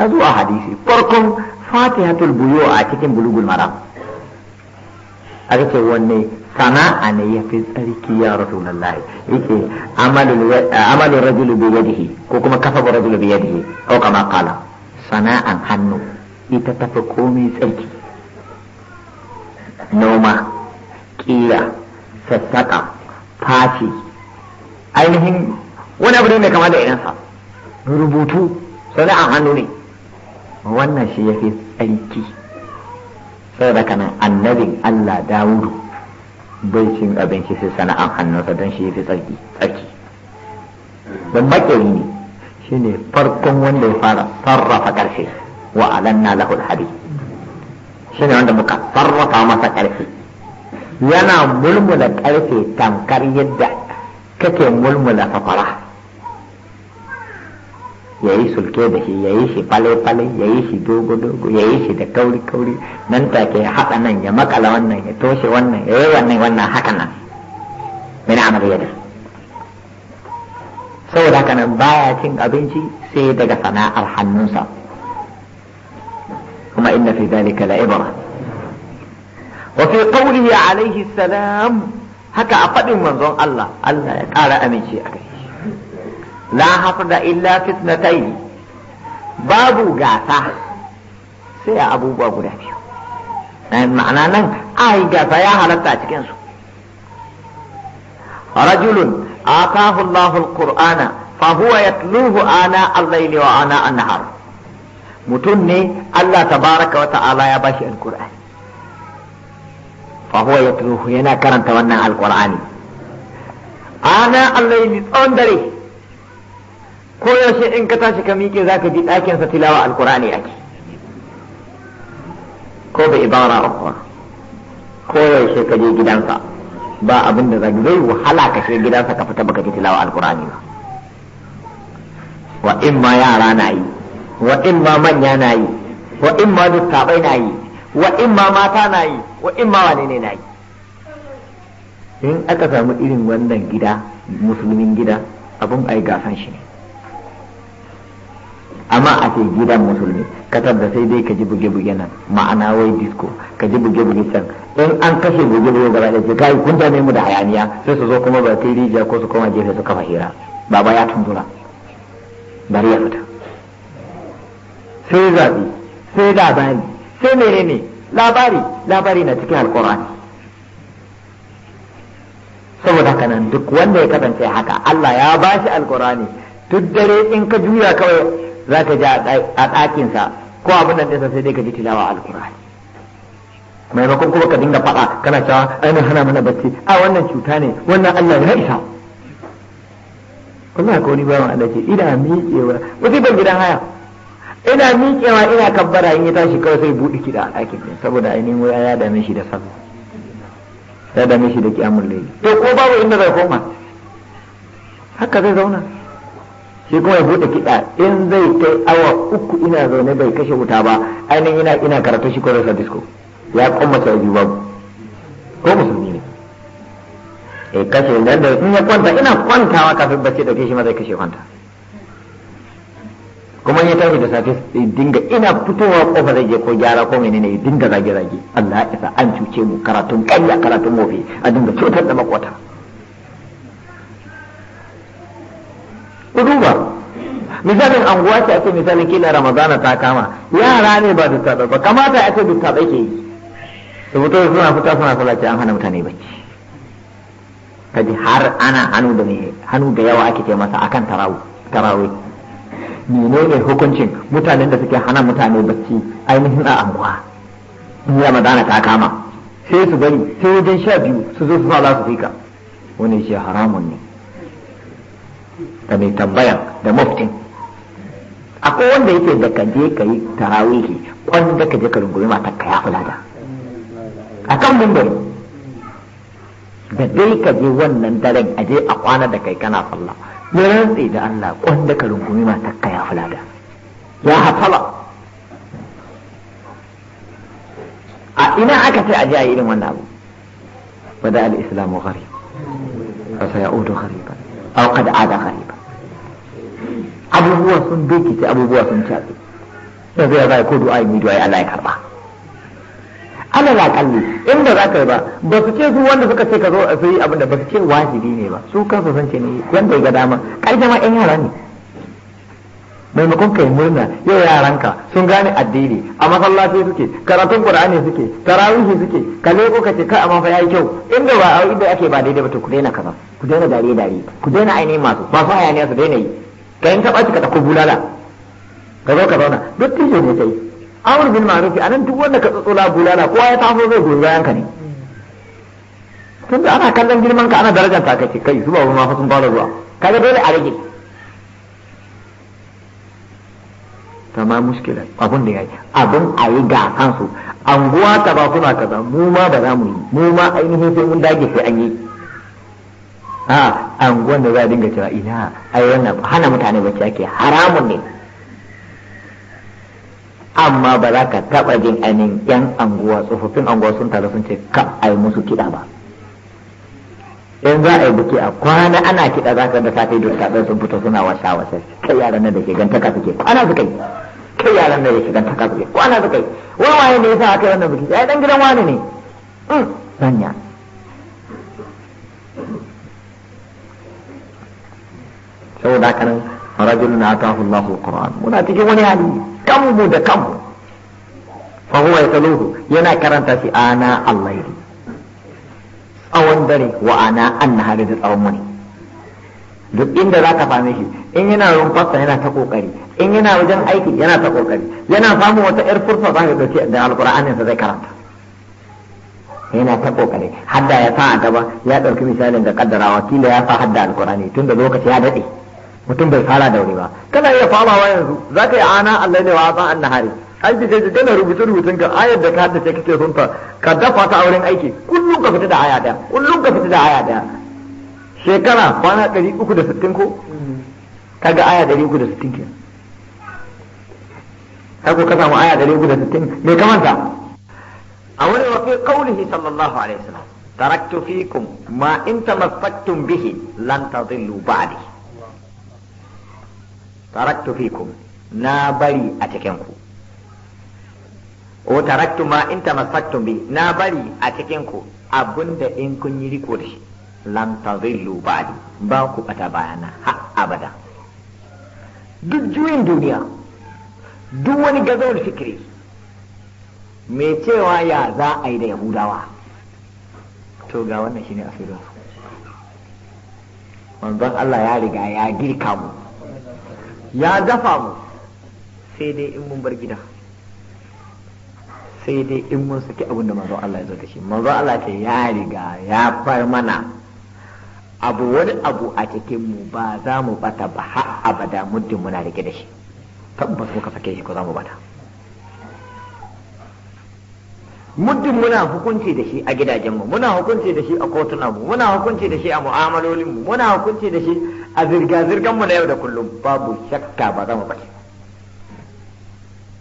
na zuwa hadisi farkon fatihatul buyu a cikin bulugul maram aka ce wanne sana'a ne ya fi tsarki ya rasulullahi yake amalin rajulu bi yadihi ko kuma kafa rajulu bi yadihi ko kama kala sana'an hannu ita tafi komai tsarki noma kira sassaka fashi ainihin wani abu ne mai kama da irinsa rubutu sana'an hannu ne wannan shi ya fi tsarki da kanan annabin Allah Dawudu bai cin abinci sai sana'an hannunsa don shi fi tsaki. tsarki don makeri ne shi ne farkon wanda ya fara sarrafa ƙarfe wa alanna lahul hadi shi ne wanda muka sarrafa masa ƙarfe yana mulmula ƙarfe tamkar yadda kake mulmula safara ya yi sulke da shi ya yi shi fale-fale ya yi shi dogo-dogo ya yi shi da kauri-kauri nan ta ke haɗa nan ya makala wannan ya toshe wannan ya yi wannan wannan haka nan mini amal yadda. saboda haka nan baya cin abinci sai daga sana'ar hannunsa kuma inna fi dalika la ibra wa fi qawlihi alayhi salam haka a faɗin manzon Allah Allah ya ƙara aminci a kai la hasada illa fitnatayn babu gasa sai a abubuwa guda biyu ma'ana nan ayi gasa ya halarta a cikin su rajulun atahu Allahu alqur'ana fa ana mutum ne Allah tabaraka wa ta'ala ya bashi alqur'ani fa huwa yatluhu yana karanta wannan alqur'ani ana al tsawon dare ko yaushe in ka tashi ka miƙe za ka ji ɗakinsa tilawa a ke. ko da ibara uku ko yaushe ka je gidansa ba abin da zai wahala ka shiga gidansa ka fita baka ji tilawa Alƙurani ba wa in ma yara na yi wa in ma manya na yi wa in ma dattabai na yi wa in ma mata na yi wa in ma wane ne na yi in aka samu irin wannan gida musulmin gida abin ai gasan shi ne amma a ce gidan musulmi kasar da sai dai ka ji buge-buge nan ma'ana wai disco ka ji buge-buge can in an kashe buge-buge gaba da sai kai kun ne mu da hayaniya sai su zo kuma ba kai rijiya ko su koma gefe su kafa hira baba ya tundura bari ya fita sai zabi sai labari sai menene labari labari na cikin alkur'ani saboda haka nan duk wanda ya kasance haka Allah ya bashi alkur'ani duk dare in ka juya kawai za ka ji a ɗakinsa ko abin nan ɗinsa sai dai ka ji tilawa alkur'ani maimakon kuma ka dinga faɗa kana cewa ainihin hana mana bacci a wannan cuta ne wannan allah ya isa kuma ka wani bayan Allah ce ina miƙewa wasu ban gidan haya ina miƙewa ina kabbara in ya tashi kawai sai buɗe kiɗa a ɗakin ɗin saboda ainihin wuya ya dame shi da sallah ya dame shi da kiyamun laifi. to ko babu inda zai koma haka zai zauna shi kuma ya bude kiɗa in zai kai awa uku ina zaune bai kashe wuta ba ainihin ina ina karatu shi kwarar disco ya kwamata ya biyu babu ko musulmi ne e kashe nan da in ya kwanta ina kwantawa kafin bacci dauke shi ma zai kashe kwanta kuma ya tafi da safe dinga ina fitowa kofa zai je ko gyara ko menene ya dinga zage zage Allah ya isa an cuce mu karatun ƙarya karatun mafi a dinga cutar da makwata Kudu ba misalin anguwa ce ake misalin kila ramadana ta kama yara ne ba dukkaɓe ba kamata a ce dukkaɓe ke yi su fito suna fita suna falace an hana mutane bacci kaji har ana hannu da hannu da yawa ake ce masa akan tarawih ne hukuncin mutanen da suke hana mutane bacci ainihin a anguwa in ramadana ta kama sai su bari sai wajen sha biyu su zo su sa su fika wani shi haramun ne da mai tambayan da muftin akwai wanda yake da ka je ka yi tarawihi wanda ka je ka rungumi matar ka ya kula da a kan mimbari da dai ka je wannan daren a je a kwana da kai kana falla ya rantsi da Allah wanda ka rungumi matar ka ya kula da ya hatala a ina aka ce a je a yi irin wannan abu bada al-islamu gari fa sayaudu ghariban aw qad ada ghariban abubuwa sun bikice abubuwa sun caɓe sai zai zai ko du'a ni du'a Allah ya karba ana akalli in ba za ka yi ba ba su ce su wanda suka ce ka zo a sai abin da ba su ce wajibi ne ba su kansu san ce ne wanda ya ga dama ƙarshen ma 'yan yara ne maimakon kai murna yau yaranka sun gane addini a masallaci suke karatun qur'ani suke tarawihi suke kale ko kace kai amma fa yayi kyau inda ba inda ake ba daidai ba to ku daina kaza ku daina dare dare ku daina ainihin masu masu hayaniya su daina yi ka in ka ka ɗauko bulala ka zo ka zauna duk tijo ne kai amur bin a anan duk wanda ka tsotsola bulala kowa ya taso zai goyi bayan ka ne tunda ana kallon girman ka ana darajar ta kace kai su ba ma fa sun fara zuwa kaga dole a rage kama muskila abun da yayi abun a yi gasan kansu anguwa ta ba kuna kaza mu ma ba za mu yi mu ma ainihin sai mun dage sai an yi a anguwan da za a dinga cewa ina ai wannan hana mutane bacci ake haramun ne amma ba za ka taɓa jin ainihin yan anguwa tsofaffin anguwa sun taru sun ce ka a yi musu kiɗa ba in za a yi buki a kwana ana kiɗa za ka da safe duk safe sun fito suna wasa wasa kai yaran nan da ke ganta ka suke kwana su kai kai yaran nan da ke ganta ka suke kwana su kai wani waye ne ya sa aka yi wannan buki yi dan gidan wani ne sanya hmm, saboda haka nan rajulun atahu Allahu alquran muna cikin wani hali kanmu da kanmu fa huwa yataluhu yana karanta shi ana allahi tsawon dare wa ana annahari da tsawon muni duk inda za ka shi in yana rumfarsa yana ta kokari in yana wajen aiki yana ta kokari yana samu wata yar fursa za ka dauke da alqur'anin sa zai karanta yana ta kokari hadda ya sa a gaba ya dauki misalin da kaddarawa kila ya sa hadda alqur'ani tunda lokaci ya dade mutum bai fara da wuri ba kana iya wa yanzu za ka yi ana Allah ne wa an nahari aiki sai kana rubutu rubutun ka ayar da ka haddace kake son ta ka dafa ta auren aiki kullum ka fita da aya daya kullum ka fita da aya daya shekara kwana 360 ko kaga aya 360 kenan ko ka samu aya 360 me kamanta a wani wa kaulihi sallallahu alaihi wasallam taraktu fikum ma in tamassaktum bihi lan tadillu ba'di taraktu fikum na bari a cikin ku o taraktu ma in tamassaktum bi na bari a cikin ku abinda in kun yi riko da shi lam tazillu ba'di ba ku bata bayana ha abada duk juyin duniya duk wani gazawar fikiri mai cewa ya za a yi da yahudawa to ga wannan shine asirin manzon Allah ya riga ya girka mu ya dafa mu sai dai in mun bar gida sai dai in mun saki abin da manzo Allah ya zo da shi manzo Allah ce ya riga ya far mana abu wani abu a cikin mu ba za mu bata ba har abada muddin muna rike da shi tabbas muka sake shi ko za mu bata muddin muna hukunci da shi a gidajenmu muna hukunci da shi a kotunanmu muna hukunci da shi a mu'amalolinmu muna hukunci da shi a zirga-zirgan mu na yau da kullum babu shakka ba za mu bace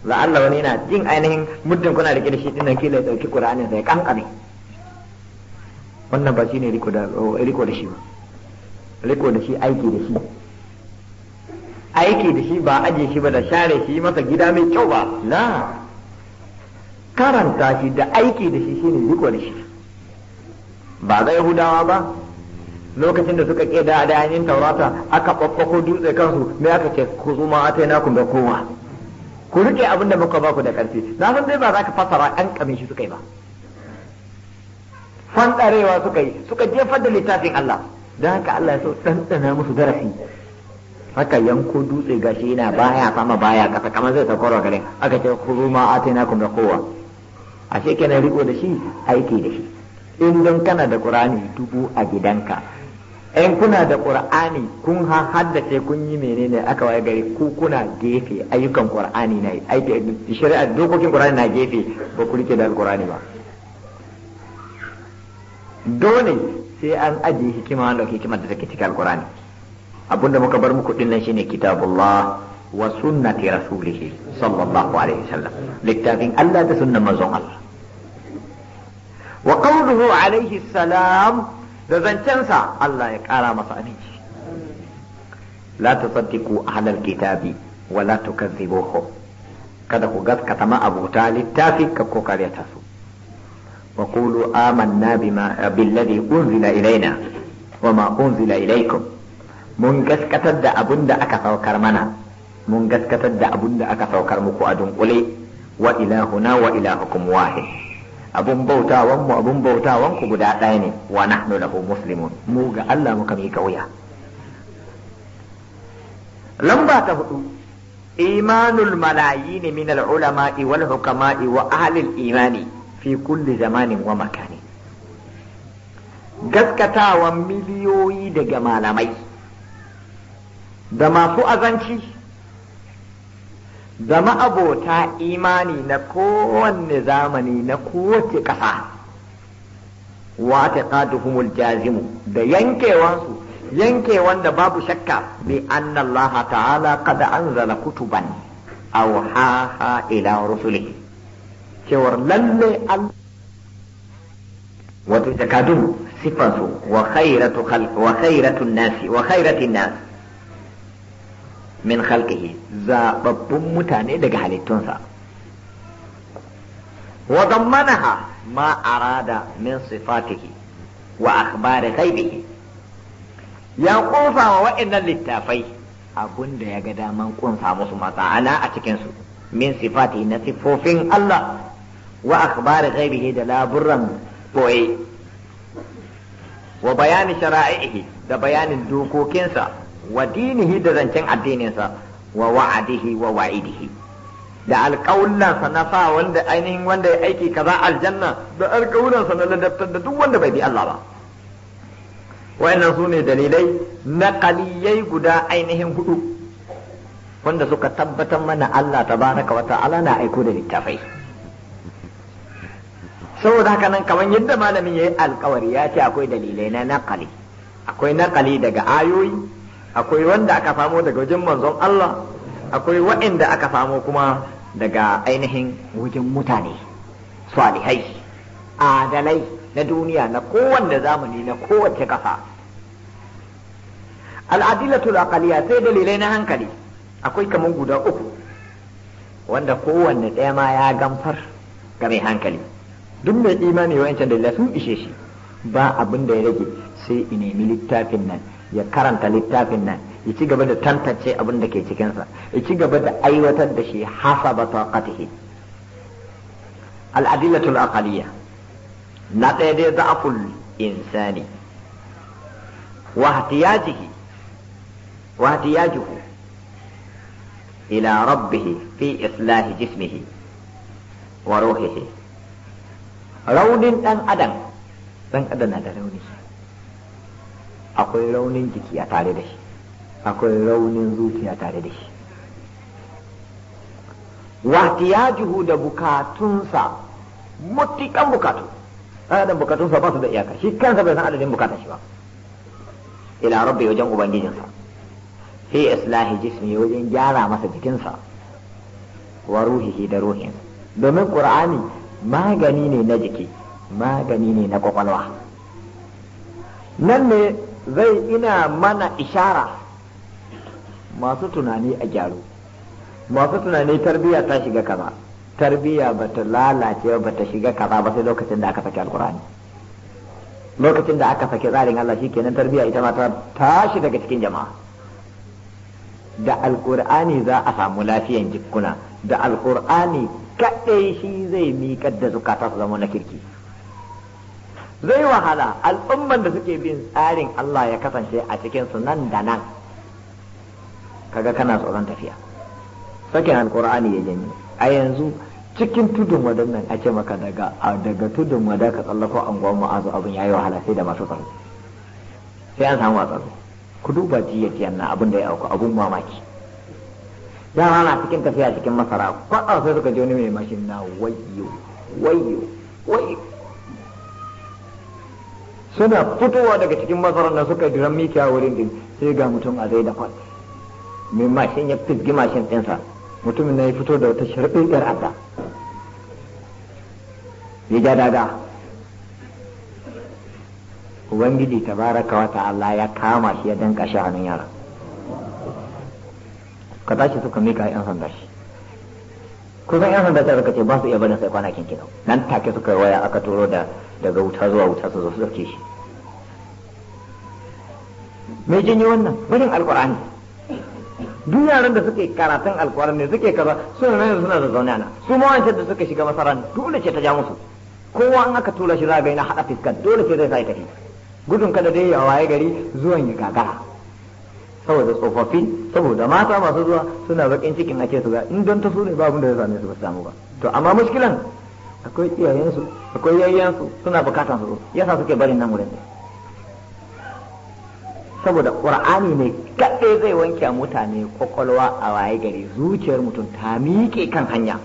za Allah wani yana jin ainihin muddin kuna rike da shi din nan kila ya dauki Qur'anin sai kankane wannan ba ne riko da riko da shi ba riko da shi aiki da shi aiki da shi ba aje shi ba da share shi masa gida mai kyau ba la karanta shi da aiki da shi shine riko da shi ba ga Yahudawa ba lokacin da suka keda a dayanin taurata aka ɓaɓɓako dutse kansu me aka ce ku zuma a taina na da kowa ku rike abin da muka baku da ƙarfi na san dai ba za ka fasara ɗan kamin shi suka yi ba fanɗarewa suka yi suka jefar da littafin Allah don haka Allah ya so ɗanɗana musu darasi haka yanko dutse gashi yana baya sama baya kasa kamar zai takwaro gare aka ce ku zuma a taina na da kowa ashe kenan riko da shi aiki da shi in don kana da ƙurani dubu a gidanka in kuna da qur'ani kun ha haddace kun yi menene aka waye gari ku kuna gefe ayyukan qur'ani na aiki shari'a dokokin qur'ani na gefe ba ku rike da qur'ani ba dole sai an ajiye hikima wanda hikimar da take cikin alqur'ani abinda muka bar muku dinnan nan shine kitabullah wa sunnati rasulih sallallahu alaihi wasallam littafin Allah da sunnan manzon Allah wa qawluhu alaihi salam da zancensa Allah ya ƙara masa aminci la tusaddiqu ahlal kitabi wa la tukazzibuhu kada ku gaskata ma abuta littafi ka ko karyata su wa qulu amanna bima billadhi unzila ilaina wa ma unzila ilaikum mun gaskatar da abin da aka saukar mana mun gaskatar da abin da aka saukar muku a dunkule wa ilahuna wa ilahukum wahid abun bautawan mu abun bautawan ku guda ɗaya ne wa nahnu lahu muslimun mu ga Allah muka mika wuya lamba ta hudu imanul malayini min al ulama wal hukama'i wa ahli al imani fi kulli zamanin wa makani gaskatawan miliyoyi daga malamai da masu azanci Zama ma'abota imani na kowanne zamani na kowace ƙasa wa humul jazimu da yankewansu yankewan da babu shakka bi anna Allah ta'ala qad anzala kutuban aw haha ila rusulihi cewar lalle Allah wato taqaduhu sifansu wa khairatu khalq wa khairatu nasi wa nasi min khalqihi zababbun mutane daga halittunsa wa manaha ma arada min sifatihi wa akhbari ghaibihi ya kunsa wa wa'annan littafai abunda ya ga daman kunsa musu mata'ala a cikin su min sifati na sifofin Allah wa akhbari ghaibihi da laburan boye wa bayani shara'ihi da bayanin dokokinsa wa dinihi da zancen addininsa wa wa'adihi wa wa'idihi da alƙawullansa na sa wanda ainihin wanda ya aiki kaza aljanna da alƙawullansa na ladabtar da duk wanda bai bi Allah ba wayannan su ne dalilai na kaliyai guda ainihin hudu wanda suka tabbatar mana Allah tabaraka wa ta'ala na aiko da littafai saboda haka nan kamar yadda malamin yi alkawari ya ce akwai dalilai na naƙali akwai naƙali daga ayoyi akwai wanda aka famo daga wajen manzon Allah akwai wa'inda aka famo kuma daga ainihin wajen mutane salihai adalai na duniya na kowanne zamani na kowace kafa al'adilatul aqaliya sai dalilai na hankali akwai kamar guda uku wanda kowanne ɗaya ma ya gamfar ga mai hankali duk mai imani wa'incan dalilai sun ishe shi ba abin da ya rage sai in nemi littafin nan ya karanta littafin nan ya ci gaba da tantance abin da ke cikinsa ya ci gaba da aiwatar da shi hasaba taqatihi al-adillatul aqaliyya na ɗaya dai da'aful insani wa ihtiyajihi wa ihtiyajuhu ila rabbih fi islahi jismihi wa ruhihi raunin dan adam dan adam na da rauni akwai raunin jiki a tare da shi akwai raunin zuciya tare da shi ya jihu da bukatunsa mutikan bukatu adadin bukatunsa ba su da iyaka shi kansa bai san adadin bukatar shi ba ila rabbi wajen ubangijinsa fi islahi jismi wajen gyara masa jikinsa wa ruhihi da ruhinsa domin qur'ani magani ne na jiki magani ne na kwakwalwa nan ne zai ina mana ishara masu tunani a gyaru masu tunani tarbiyya ta shiga kaza tarbiyya ba ta lalace ba ta shiga kaza ba sai lokacin da aka saki alkurani lokacin da aka saki tsarin Allah kenan tarbiyya ita ma ta tashi daga cikin jama'a da alkur'ani za a samu lafiyan jikuna da alkur'ani kaɗai shi zai miƙar da zukata su zama na kirki zai wahala al'umman da suke bin tsarin Allah ya kasance a cikin su nan da nan kaga kana tsoron tafiya sakin alkur'ani ya janyo a yanzu cikin tudun wadannan ake maka daga daga tudun wada ka tsallako anguwan ma'azu abin yi wahala sai da masu tsaro sai an samu tsaro ku duba jiya jiyan na abin da ya auku abun mamaki ya na cikin tafiya cikin masara kwatsam sai suka je wani mai mashin na wayo wayo wayo suna fitowa daga cikin masarar na suka jiran mikiya wurin din sai ga mutum a zai da kwat mai mashin ya fizgi mashin ɗinsa mutumin na ya fito da wata sharɓiɗiyar adda ya ja daga ubangiji baraka wata Allah ya kama shi ya danka shi hannun yara ka tashi suka mika yan sanda shi kusan yan sanda ta suka ce ba su iya barin sai kwanakin kinau nan take suka waya aka turo da daga wuta zuwa wuta su zo su dauke shi mai janyo wannan barin alkur'ani duk yaran da suke karatun alkur'ani ne suke kaza suna nan suna da zaune ana su ma da suka shiga masaran dole ce ta ja musu kowa an aka tura shi za na yana haɗa fiskar dole ce zai sa tafi gudun kada dai ya waye gari zuwan ya gagara saboda tsofaffi saboda mata masu zuwa suna bakin cikin ake su ga in don ta su ne babu da ya same su ba samu ba to amma mushkilan akwai iyayensu akwai yayyansu suna bukatan su yasa suke barin nan wurin saboda qur'ani ne kaɗai zai wanke mutane kwakwalwa a waye gari zuciyar mutum ta miƙe kan hanya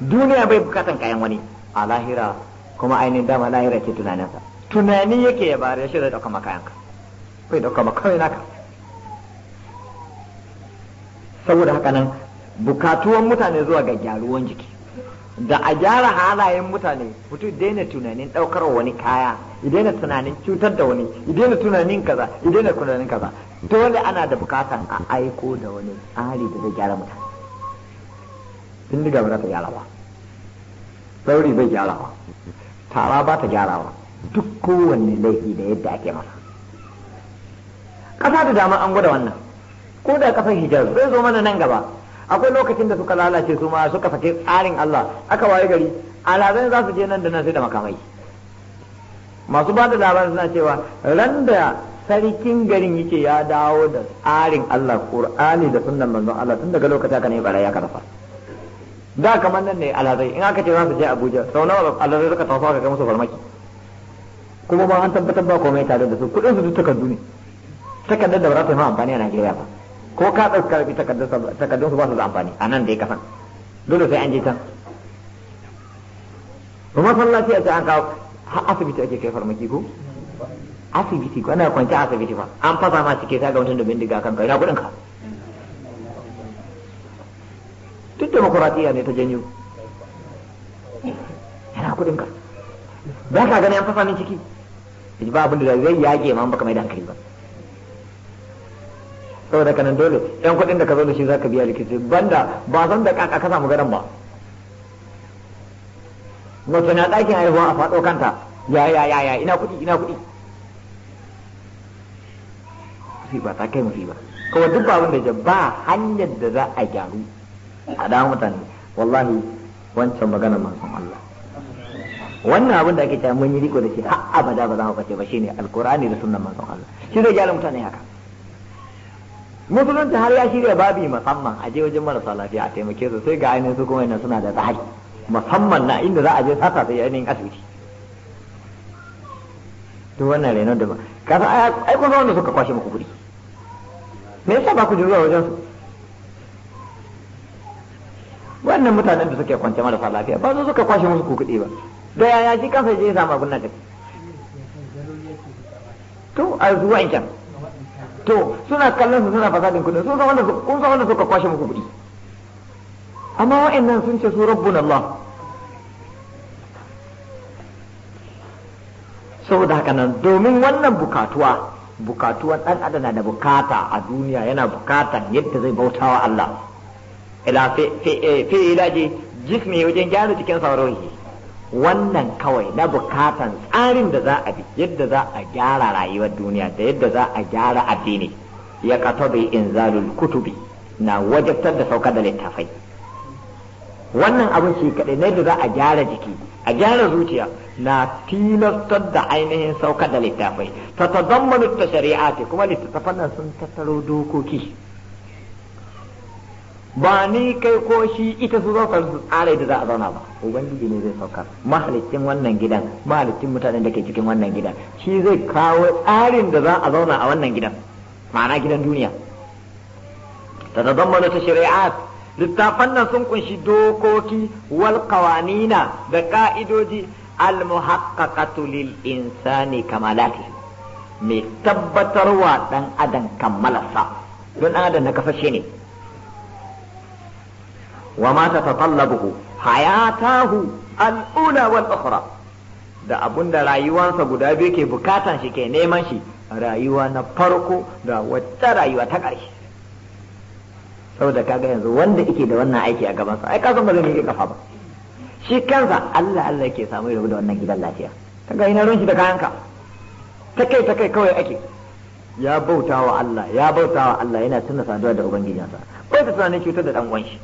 duniya bai bukatan kayan wani a lahira kuma ainihin dama lahira ce tunaninsa tunani yake ya bari shi zai ɗauka makayanka bai ɗauka naka saboda haka nan bukatuwan mutane zuwa ga gyaruwan jiki da a gyara halayen mutane mutum daina tunanin ɗaukar wani kaya daina tunanin cutar da wani daina tunanin kaza daina tunanin kaza dole ana da bukatan a aiko da wani tsari da zai gyara mutane tun diga ba ta gyara ba sauri bai gyara ba tara ba ta gyara ba duk kowanne laifi da yadda ake masa ƙasa da dama an gwada wannan ko da kasan hijaz zai zo mana nan gaba akwai lokacin da suka lalace su ma suka sake tsarin Allah aka waye gari alazan za su je nan da nan sai da makamai masu ba da labarin suna cewa ran da sarkin garin yake ya dawo da tsarin Allah Qur'ani da sunnan manzon Allah tun daga lokacin aka ne bara ya karfa da kamar nan ne alhazai in aka ce za su je Abuja sau nawa alhazai suka tafi aka kai musu farmaki kuma ba an tabbatar ba komai tare da su kudin su duk takardu ne takardar da ba za ta yi ma amfani a Najeriya ba ko ka ɗauki bi takardun su ba su da amfani a nan da ya kasan dole sai an ji ta kuma sallah sai a ce an kawo asibiti ake kai farmaki ko asibiti ko ana kwanci asibiti ba an fasa ma cike ta ga mutum da bindiga kan kai na kuɗin ka duk demokuraɗiyya ne ta janyo yana kuɗin ka ba ka gani an fasa min ciki ba abin da zai yage ma baka mai da hankali ba saboda kanan dole yan kudin da ka zo da shi ka biya likita banda ba zan da kaka ka samu gadon ba mace na ɗakin haihuwa a faɗo kanta ya ya ya ya ina kuɗi ina kuɗi ba ta kai ba kawai duk ba wanda ba hanyar da za a gyaru a da mutane wallahi wancan magana san Allah wannan abin da ake cewa mun yi riko da shi har abada ba za mu fice ba shine alqur'ani da sunnan manzon Allah shi zai gyara mutane haka musulunci har ya shirya babi musamman a je wajen marasa lafiya a taimake su sai ga ainihin su kuma yana suna da tsari musamman na inda za a je sata sai ainihin asibiti to wannan renon da ba ka san ai kun wanda suka kwashe muku kuɗi me yasa ba ku jira wajen su wannan mutanen da suke kwance marasa lafiya ba su suka kwashe musu kuɗi ba da yaya shi kansa je ya samu abin nan to a zuwa in can to suna kallon su suna fasadin kudin sun san wanda kun san wanda suka kwashe muku kudi amma wa'annan sun ce su rabbun Allah saboda haka nan domin wannan bukatuwa bukatuwan dan adana da bukata a duniya yana bukata yadda zai bautawa Allah ila eh, fi ilaji jismi wajen gyara cikin jikin saurayi wannan kawai na bukatan tsarin da za a bi yadda za a gyara rayuwar duniya da yadda za a gyara addini ya kato bai inzalul kutubi na wajabtar da saukar da littafai wannan abin shi kaɗai na yadda za a gyara jiki a gyara zuciya na tilastar da ainihin saukar da littafai ta tazammanu ta shari'ati kuma littattafan nan sun tattaro dokoki ba ni kai ko shi ita su zaukar su tsara da za a zauna ba ubangiji ne zai saukar mahalicin wannan gidan mahalicin mutanen da ke cikin wannan gidan shi zai kawo tsarin da za a zauna a wannan gidan ma'ana gidan duniya ta tazammanu ta shari'at littafan nan sun kunshi dokoki wal kawanina da ka'idoji al muhaqqaqatu lil mai tabbatarwa dan adam kammalarsa don dan adam na kafashe ne وما تتطلبه حياته الأولى والأخرى da abun da rayuwansa guda biyu ke bukatan shi ke neman shi rayuwa na farko da wata rayuwa ta ƙarshe saboda kaga yanzu wanda yake da wannan aiki a gabansa ai kasan ba zai miƙe kafa ba shi kansa Allah Allah yake samu rabu da wannan gidan lafiya kaga ina ruwan shi da kayanka ta kai ta kai kawai ake ya bauta wa Allah ya bauta wa Allah yana tuna saduwa da ubangijinsa ko ta tunanin cutar da dan uwan shi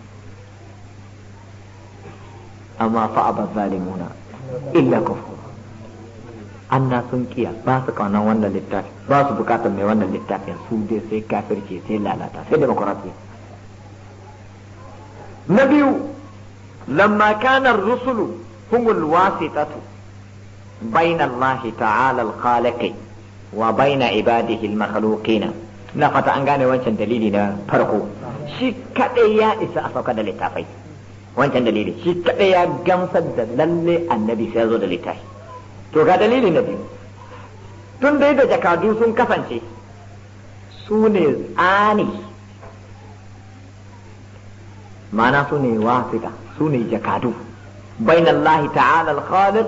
amma fa'aba zalimuna illa kufur anna sun kiya ba su kaunan wannan littafi ba su bukatar mai wannan littafin su dai sai kafirce sai lalata sai demokrasiya na biyu lamma kanar rusulu humul wasitatu بين الله تعالى الخالق وبين عباده المخلوقين na fata an gane wancan dalili na farko shi kaɗai ya isa a sauka da littafai wancan dalili shi kadai ya gamsar da lalle annabi sai ya zo da littafi to ga dalili na biyu tun dai da jakadu sun kasance su ne tsani ma'ana su ne wafika su ne jakadu bainallahi ta'ala al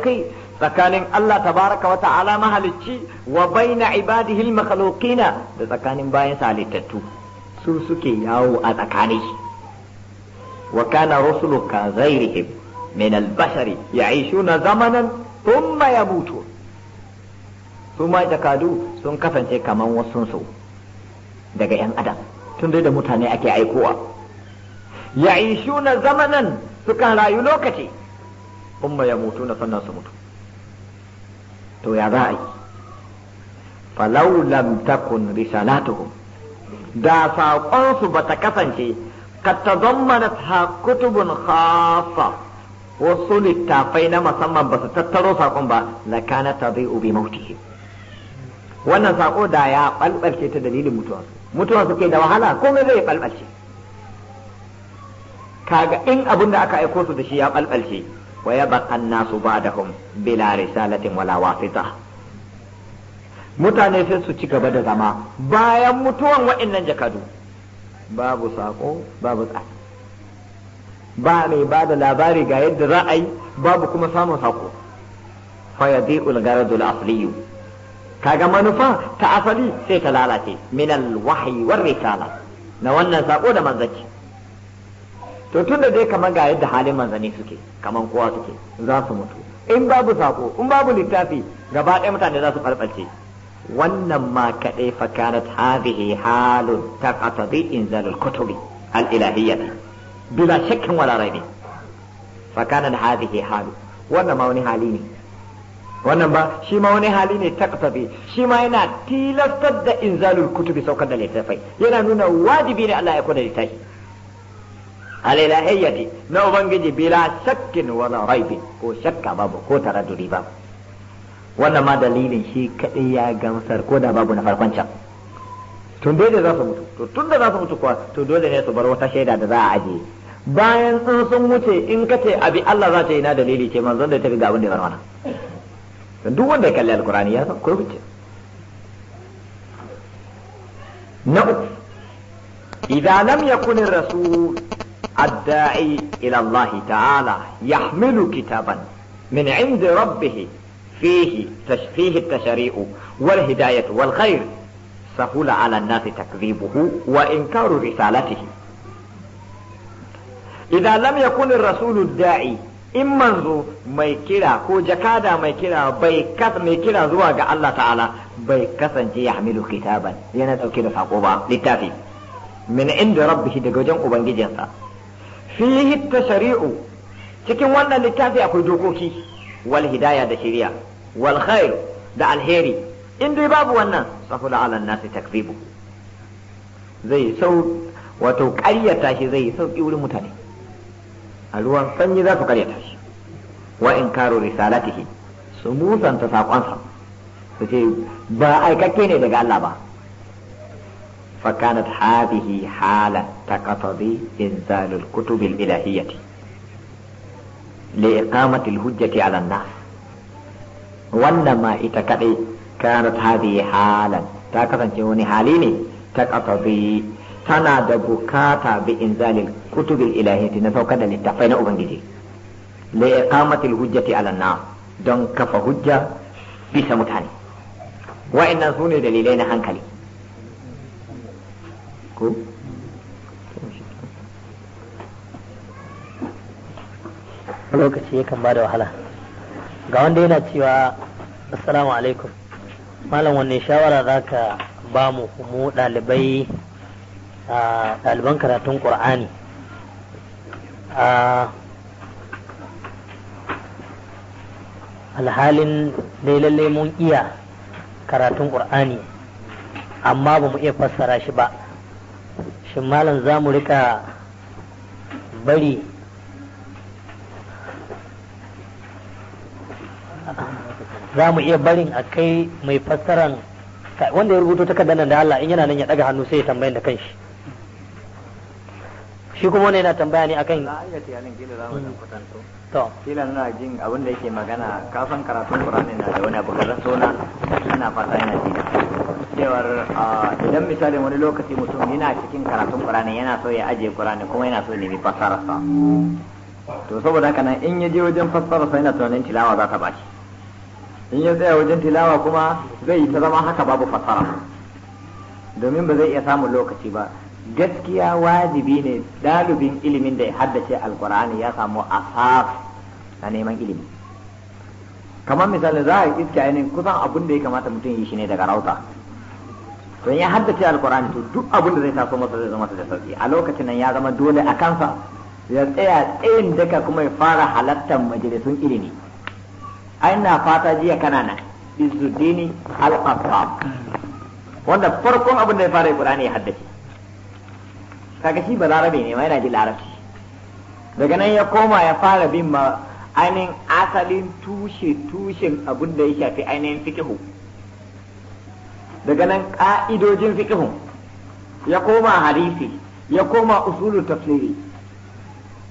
tsakanin Allah tabaraka wata ta'ala mahalicci wa baina ibadihi al-makhluqina da tsakanin bayan halittattu su suke yawo a tsakani وكان رسلك غيرهم من البشر يعيشون زمنا ثم يموتون ثم يتكادوا sun kasance kamar wasunsu daga 'yan adam tun dai da mutane ake aikowa ya na zamanan sukan rayu lokaci umma ya mutu na sannan su mutu to ya za a yi falau lam da saƙonsu ba ta kasance قد تضمنتها كتب خاصة wasu littafai na musamman ba su tattaro sakon ba la kana tadhi'u bi mautihim wannan sako da ya balbalce ta dalilin mutuwa mutuwa suke da wahala komai zai balbalce kaga in abin da aka aiko su da shi ya balbalce wa ya baqan nasu ba'dahum bila risalatin wala wasita mutane sai su ci gaba da zama bayan mutuwan waɗannan jakadu babu sako babu tsada ba mai ba da labari ga yadda za a yi babu kuma samun sako fayadi ulgaradul asliyu kaga manufa ta asali sai ta lalace minal wahayi war risala na wannan sako da manzaki to tun da dai kamar ga yadda halin manzani suke kamar kowa suke za su mutu in babu sako in babu littafi gaba ɗaya mutane za su farfalce wannan ma kaɗai fakanat hadhihi halun taqatabi in al-kutubi al-ilahiyyah bila shakkin wala raibi fakanat hadhihi halu wannan ma wani hali ne wannan ba shi ma wani hali ne taqtabi shi ma yana tilastar da in inzalul kutubi saukar da littafai yana nuna wajibi ne Allah ya kula littafi alilahiyyati na ubangiji bila shakkin wala raibin ko shakka babu ko taraddudi babu wannan ma dalilin shi kaɗai ya gamsar ko da babu na farkon can tun dai da za su mutu to tun da za su mutu kuwa to dole ne su bar wata shaida da za a ajiye bayan sun sun wuce in ka ce abi Allah za ta yi na dalili ce manzon da ta ga abin da ya mana duk wanda ya kalli alkurani ya san kurkun ce na uku idan lam yakun rasul adda'i ila Allah ta'ala yahmilu kitaban min عند rabbihi فيه فيه التشريع والهداية والخير سهل على الناس تكذيبه وإنكار رسالته إذا لم يكن الرسول الداعي إن منذ ما يكرا هو جكادا ما يكرا بيكث ما يكرا زواج الله تعالى بيكث أن يحمل كتابا ينادو كده فقوبا للتافي من عند ربه دقوجن قبان جيجنسا فيه التشريع تكن وانا للتافي أكو دقوكي والهداية دشريع والخير دع الهيري ان دي باب وانا سهل على الناس تكذيبه زي سو وتو قرية تاشي زي سو يقول متاني الوان فني ذات قرية تاشي وانكار رسالته سموثا تساق انسا فشي با اي ككيني دي قال با فكانت هذه حالة تقتضي انزال الكتب الالهية لإقامة الهجة على الناس wannan ma ita kadai kanat hadhihi halan ta kasance wani hali ne ta qatabi tana da bukata bi inzalil kutubil ilahiyati na saukar da littafai na ubangiji li iqamatil hujjati ala nas don kafa hujja bisa mutane wa'annan sune dalilai na hankali ko lokaci yakan ba da wahala ga wanda yana cewa assalamu alaikum malam wanne shawara za ka ba mu mu ɗalibai ɗaliban karatun ƙur'ani a alhalin dai mun iya karatun ƙur'ani amma ba mu iya fassara shi ba shin malam za mu rika bari za mu iya barin a kai mai fassaran wanda ya rubuto ta nan da Allah in yana nan ya daga hannu sai ya tambaya da kanshi shi kuma wani yana tambaya ne akan to kila na jin abin da yake magana kafin karatun Qur'ani na da wani abu kaza sona ina fata yana ji cewar idan misali wani lokaci mutum yana cikin karatun Qur'ani yana so ya ajiye Qur'ani kuma yana so ne bi fassararsa to saboda haka nan in ya je wajen fassararsa yana tunanin tilawa za ta bashi in ya tsaya wajen tilawa kuma zai yi ta zama haka babu fasara domin ba zai iya samun lokaci ba gaskiya wajibi ne dalibin ilimin da ya haddace alkur'ani ya samu asaf na neman ilimi kamar misali za a yi iska ainihin kusan abin da ya kamata mutum yi shi ne daga rauta don ya haddace alkur'ani to duk abin da zai taso masa zai zama da sauki a lokacin nan ya zama dole a kansa ya tsaya tsayin daka kuma ya fara halartar majalisun ilimi aina fata jiya kana nan izuddini al-qassab wanda farkon abin da ya fara qur'ani ya haddace kaga shi ba larabe ne ma yana ji larabci daga nan ya koma ya fara bin ma ainihin asalin tushe tushen abin da ya shafi ainihin fikihu daga nan ka'idojin fikihu ya koma hadisi ya koma usulun tafsiri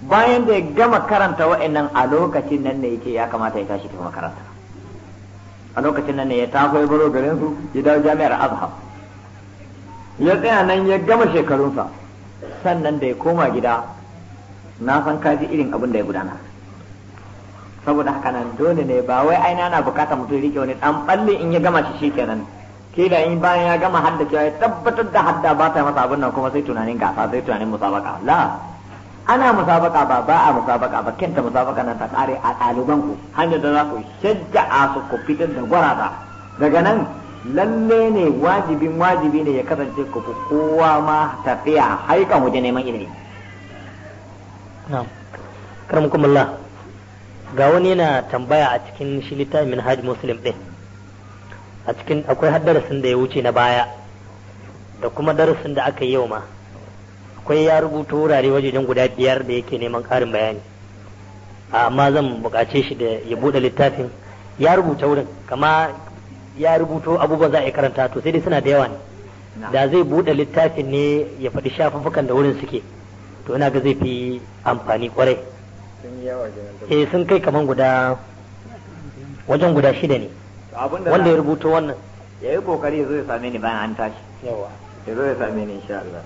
bayan da ya gama karanta wa'annan a lokacin nan ne yake ya kamata ya tashi tafi makaranta a lokacin nan ne ya tafi ya baro garin su ya dawo jami'ar azha ya tsaya nan ya gama shekarunsa sannan da ya koma gida na san kaji irin abin da ya gudana saboda haka nan dole ne ba wai aina na bukatar mutum rike wani dan balle in ya gama shi shikenan da in bayan ya gama hadda cewa ya tabbatar da hadda ba ta masa abin nan kuma sai tunanin gasa sai tunanin musabaka la ana musabaka ba ba a musabaka ba kenta musabaka nan ta kare a ɗaliban ku hanyar da za ku shajja a su ku fitar da gwarata daga nan lalle ne wajibin wajibi ne ya kasance ku ku kowa ma tafiya haikan waje neman ilimi karmukumullah ga wani yana tambaya a cikin shi littafin minhaj muslim din a cikin akwai haddarsin da ya wuce na baya da kuma darasin da aka yi yau ma akwai ya rubuta wurare wajejen guda biyar da yake neman ƙarin bayani amma zan buƙace shi da ya buɗe littafin ya rubuta wurin kama ya rubuto abubuwan za a yi karanta to sai dai suna da yawa ne da zai buɗe littafin ne ya faɗi shafuffukan da wurin suke to ina ga zai fi amfani kwarai eh sun kai kaman guda wajen guda shida ne wanda ya rubuto wannan ya yi kokari ya zo ya same ni bayan an tashi yawa ya zo ya same ni insha Allah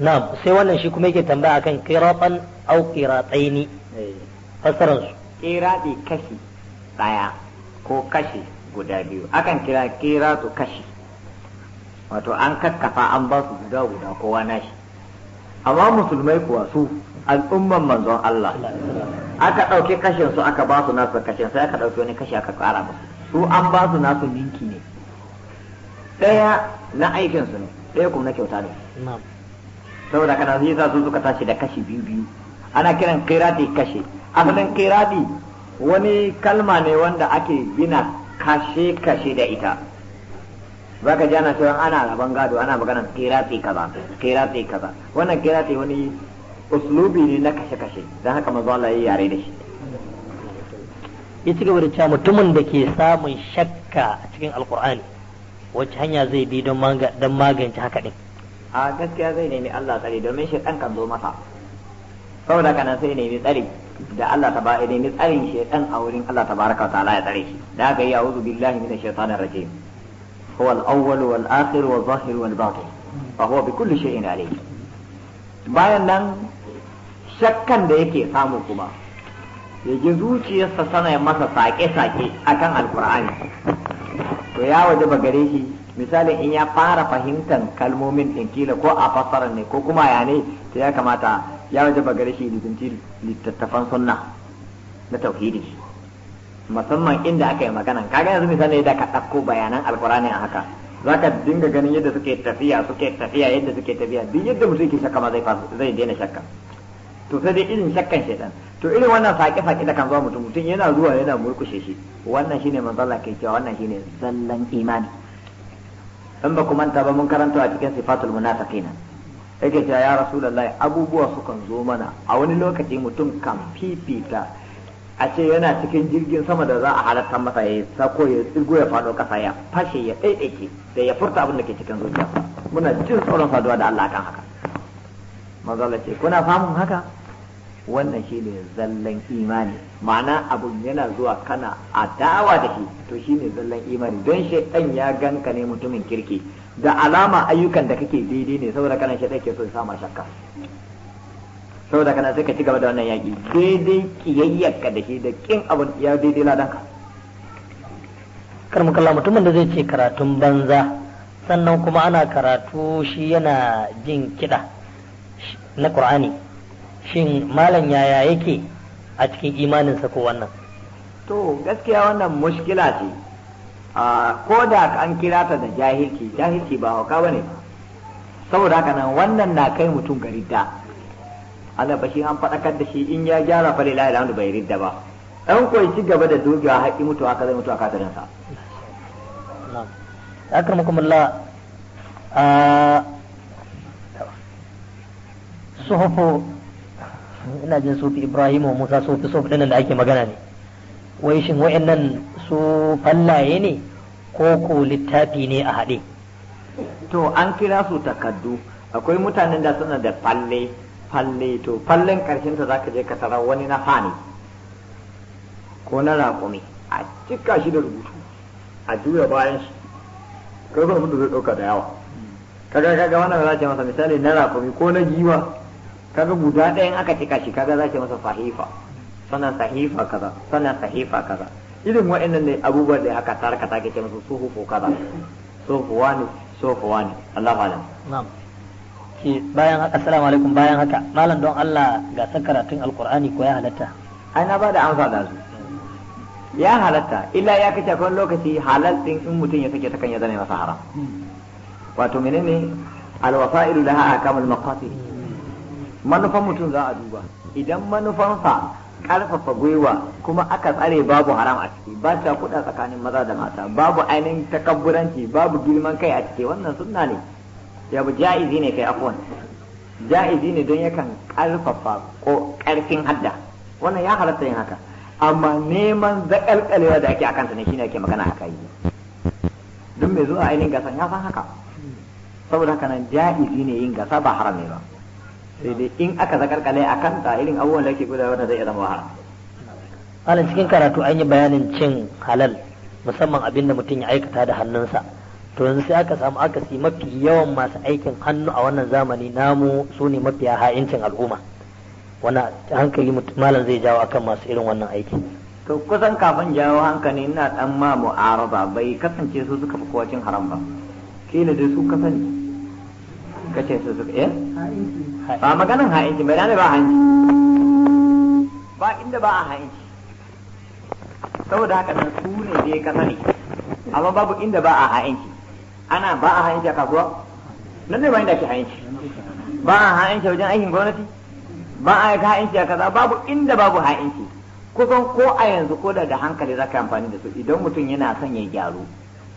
na'am sai wannan shi kuma yake tambaya akan qiratan au qirataini eh. fasaran su qirati kashi daya ko kashi guda biyu akan kira qiratu kashi wato an kakkafa an ba su guda guda kowa nashi amma musulmai kuwa su al'umman manzon Allah aka ɗauke kashin su aka ba su nasu kashin sai aka ɗauke wani kashi aka ƙara musu su an ba su nasu ninki ne ɗaya na aikinsu ne ɗaya kuma na kyauta ne saboda kana zai sa su suka tashi da kashi biyu biyu ana kiran kirati kashi asalin kirati wani kalma ne wanda ake gina kashe kashe da ita za ka jana cewa ana rabon gado ana maganar kirati kaza kirati kaza wannan kirati wani uslubi ne na kashe kashe don haka manzo Allah yare da shi ya ci gaba da cewa mutumin da ke samun shakka cikin alkur'ani wacce hanya zai bi don magance haka ɗin. a gaskiya zai nemi Allah tsari domin shaitan kan zo masa saboda kana sai nemi tsari da Allah ta ba'i nemi tsarin shaitan a wurin Allah ta tabaraka wa ta'ala ya tsare shi da haka yi a'udhu billahi minash shaitanir rajim huwa al-awwal wal akhir wal zahir wal batin fa huwa bi kulli shay'in alayh bayan nan shakkan da yake samu kuma ya ji zuciyarsa sana masa sake-sake akan alkur'ani to ya waje ba gare shi misalin in ya fara fahimtar kalmomin inkila kila ko a fassara ne ko kuma ya ne to ya kamata ya waje ba gare shi lizinci littattafan sunna na tauhidi musamman inda aka yi magana kaga yanzu misali da ka ɗauko bayanan alkurani a haka za ka dinga ganin yadda suke tafiya suke tafiya yadda suke tafiya duk yadda mutum yake shakka ma zai zai daina shakka to sai dai irin shakkan shaitan to irin wannan saƙi saƙi da kan zuwa mutum mutum yana zuwa yana murkushe shi wannan shine matsalar ke cewa wannan shine zallan imani in ba ku manta ba mun karanta a cikin sifatul munafiqin yake cewa ya rasulullahi abubuwa sukan zo mana a wani lokaci mutum kan fifita a ce yana cikin jirgin sama da za a halatta masa ya sako ya tsigo ya fado kasa ya fashe ya ɗaiɗaike da ya furta abin da ke cikin zuciya muna jin tsoron saduwa da Allah kan haka mazalace ce kuna famun haka wannan shi ne zallan imani ma'ana abun yana zuwa kana adawa da shi to shi ne zallan imani don shaidan ya ganka ne mutumin kirki da alama ayyukan da kake daidai ne saboda kana shaidan ke so sama shakka saboda kana sai ka ci gaba da wannan yaƙi daidai kiyayyarka da shi da kin abun ya daidai ladanka karmu kalla mutumin da zai ce karatun banza sannan kuma ana karatu shi yana jin kiɗa na ƙur'ani shin malam yaya yake a cikin imaninsa ko wannan to gaskiya wannan mushkila ce ko da an kira ta da jahilci jahilci ba hauka ba ne saboda haka nan wannan na kai mutum ga ridda Allah ba shi an faɗakar da shi in ya gyara fa lillahi alhamdu bai ridda ba dan koyi ci gaba da dogewa haƙi mutuwa aka zai mutuwa ka tarin sa akramakumullah a suhufu ina jin sufi ibrahim wa musa sufi sufi ɗin da ake magana ne wai shin wa'annan su fallaye ne ko ko littafi ne a haɗe to an kira su takaddu akwai mutanen da suna da falle falle to fallen karshen ta zaka je ka tara wani na fani ko na raƙumi a cika shi da rubutu a juya bayan shi kai ba abin da zai ɗauka da yawa kaga kaga wannan za ce masa misali na raƙumi ko na giwa kaga guda ɗayan aka cika shi kaga za ce masa sahifa sannan sahifa kaza sannan sahifa kaza irin wa'annan ne abubuwa da aka ta ke ce musu suhufu kaza suhufu wani suhufu wani Allah malam na'am bayan haka assalamu alaikum bayan haka malam don Allah ga sakaratun alqur'ani ko ya halatta ai na bada amsa da su ya halatta illa ya kace kan lokaci halal din in mutum ya sake ta kan ya zane masa haram hmm. wato menene alwafa'ilu laha akamul maqasid manufan mutum za a duba idan manufansa karfafa gwiwa kuma aka tsare babu haram a ciki ba ta kuɗa tsakanin maza da mata babu ainihin takabburanci babu girman kai a ciki wannan sunna ne ya bu ja'izi ne kai afwan ja'izi ne don yakan karfafa ko karfin hadda wannan ya halatta yin haka amma neman zakalkalewa da ake akanta ne shine ake magana a kai duk mai zuwa ainihin gasan ya san haka saboda haka nan ja'izi ne yin gasa ba haram ne ba sai dai in aka zakarkale a ta irin abubuwan da ake guda wanda zai iya zama haram alin cikin karatu an yi bayanin cin halal musamman abin da mutum ya aikata da hannunsa to yanzu sai aka samu akasi mafi yawan masu aikin hannu a wannan zamani namu su ne mafiya ha'incin al'umma wani hankali malam zai jawo akan masu irin wannan aiki to kusan kafin jawo hankali ina dan ma mu'araba bai kasance su suka fi kowacin haram ba kila dai su kasance kace su suka eh ba ah, maganan ha'inci bai dane ba ha'inci ba inda ba a ha'inci saboda haka nan su ne dai ka sani amma babu inda ba a ha'inci ana ba a ha'inci a kasuwa nan ne ba inda ake ha'inci ba a ha'inci wajen aikin gwamnati ba a ha'inci a kaza babu inda babu ha'inci kusan ko a yanzu ko da hankali za ka amfani da su idan mutum yana son ya gyaru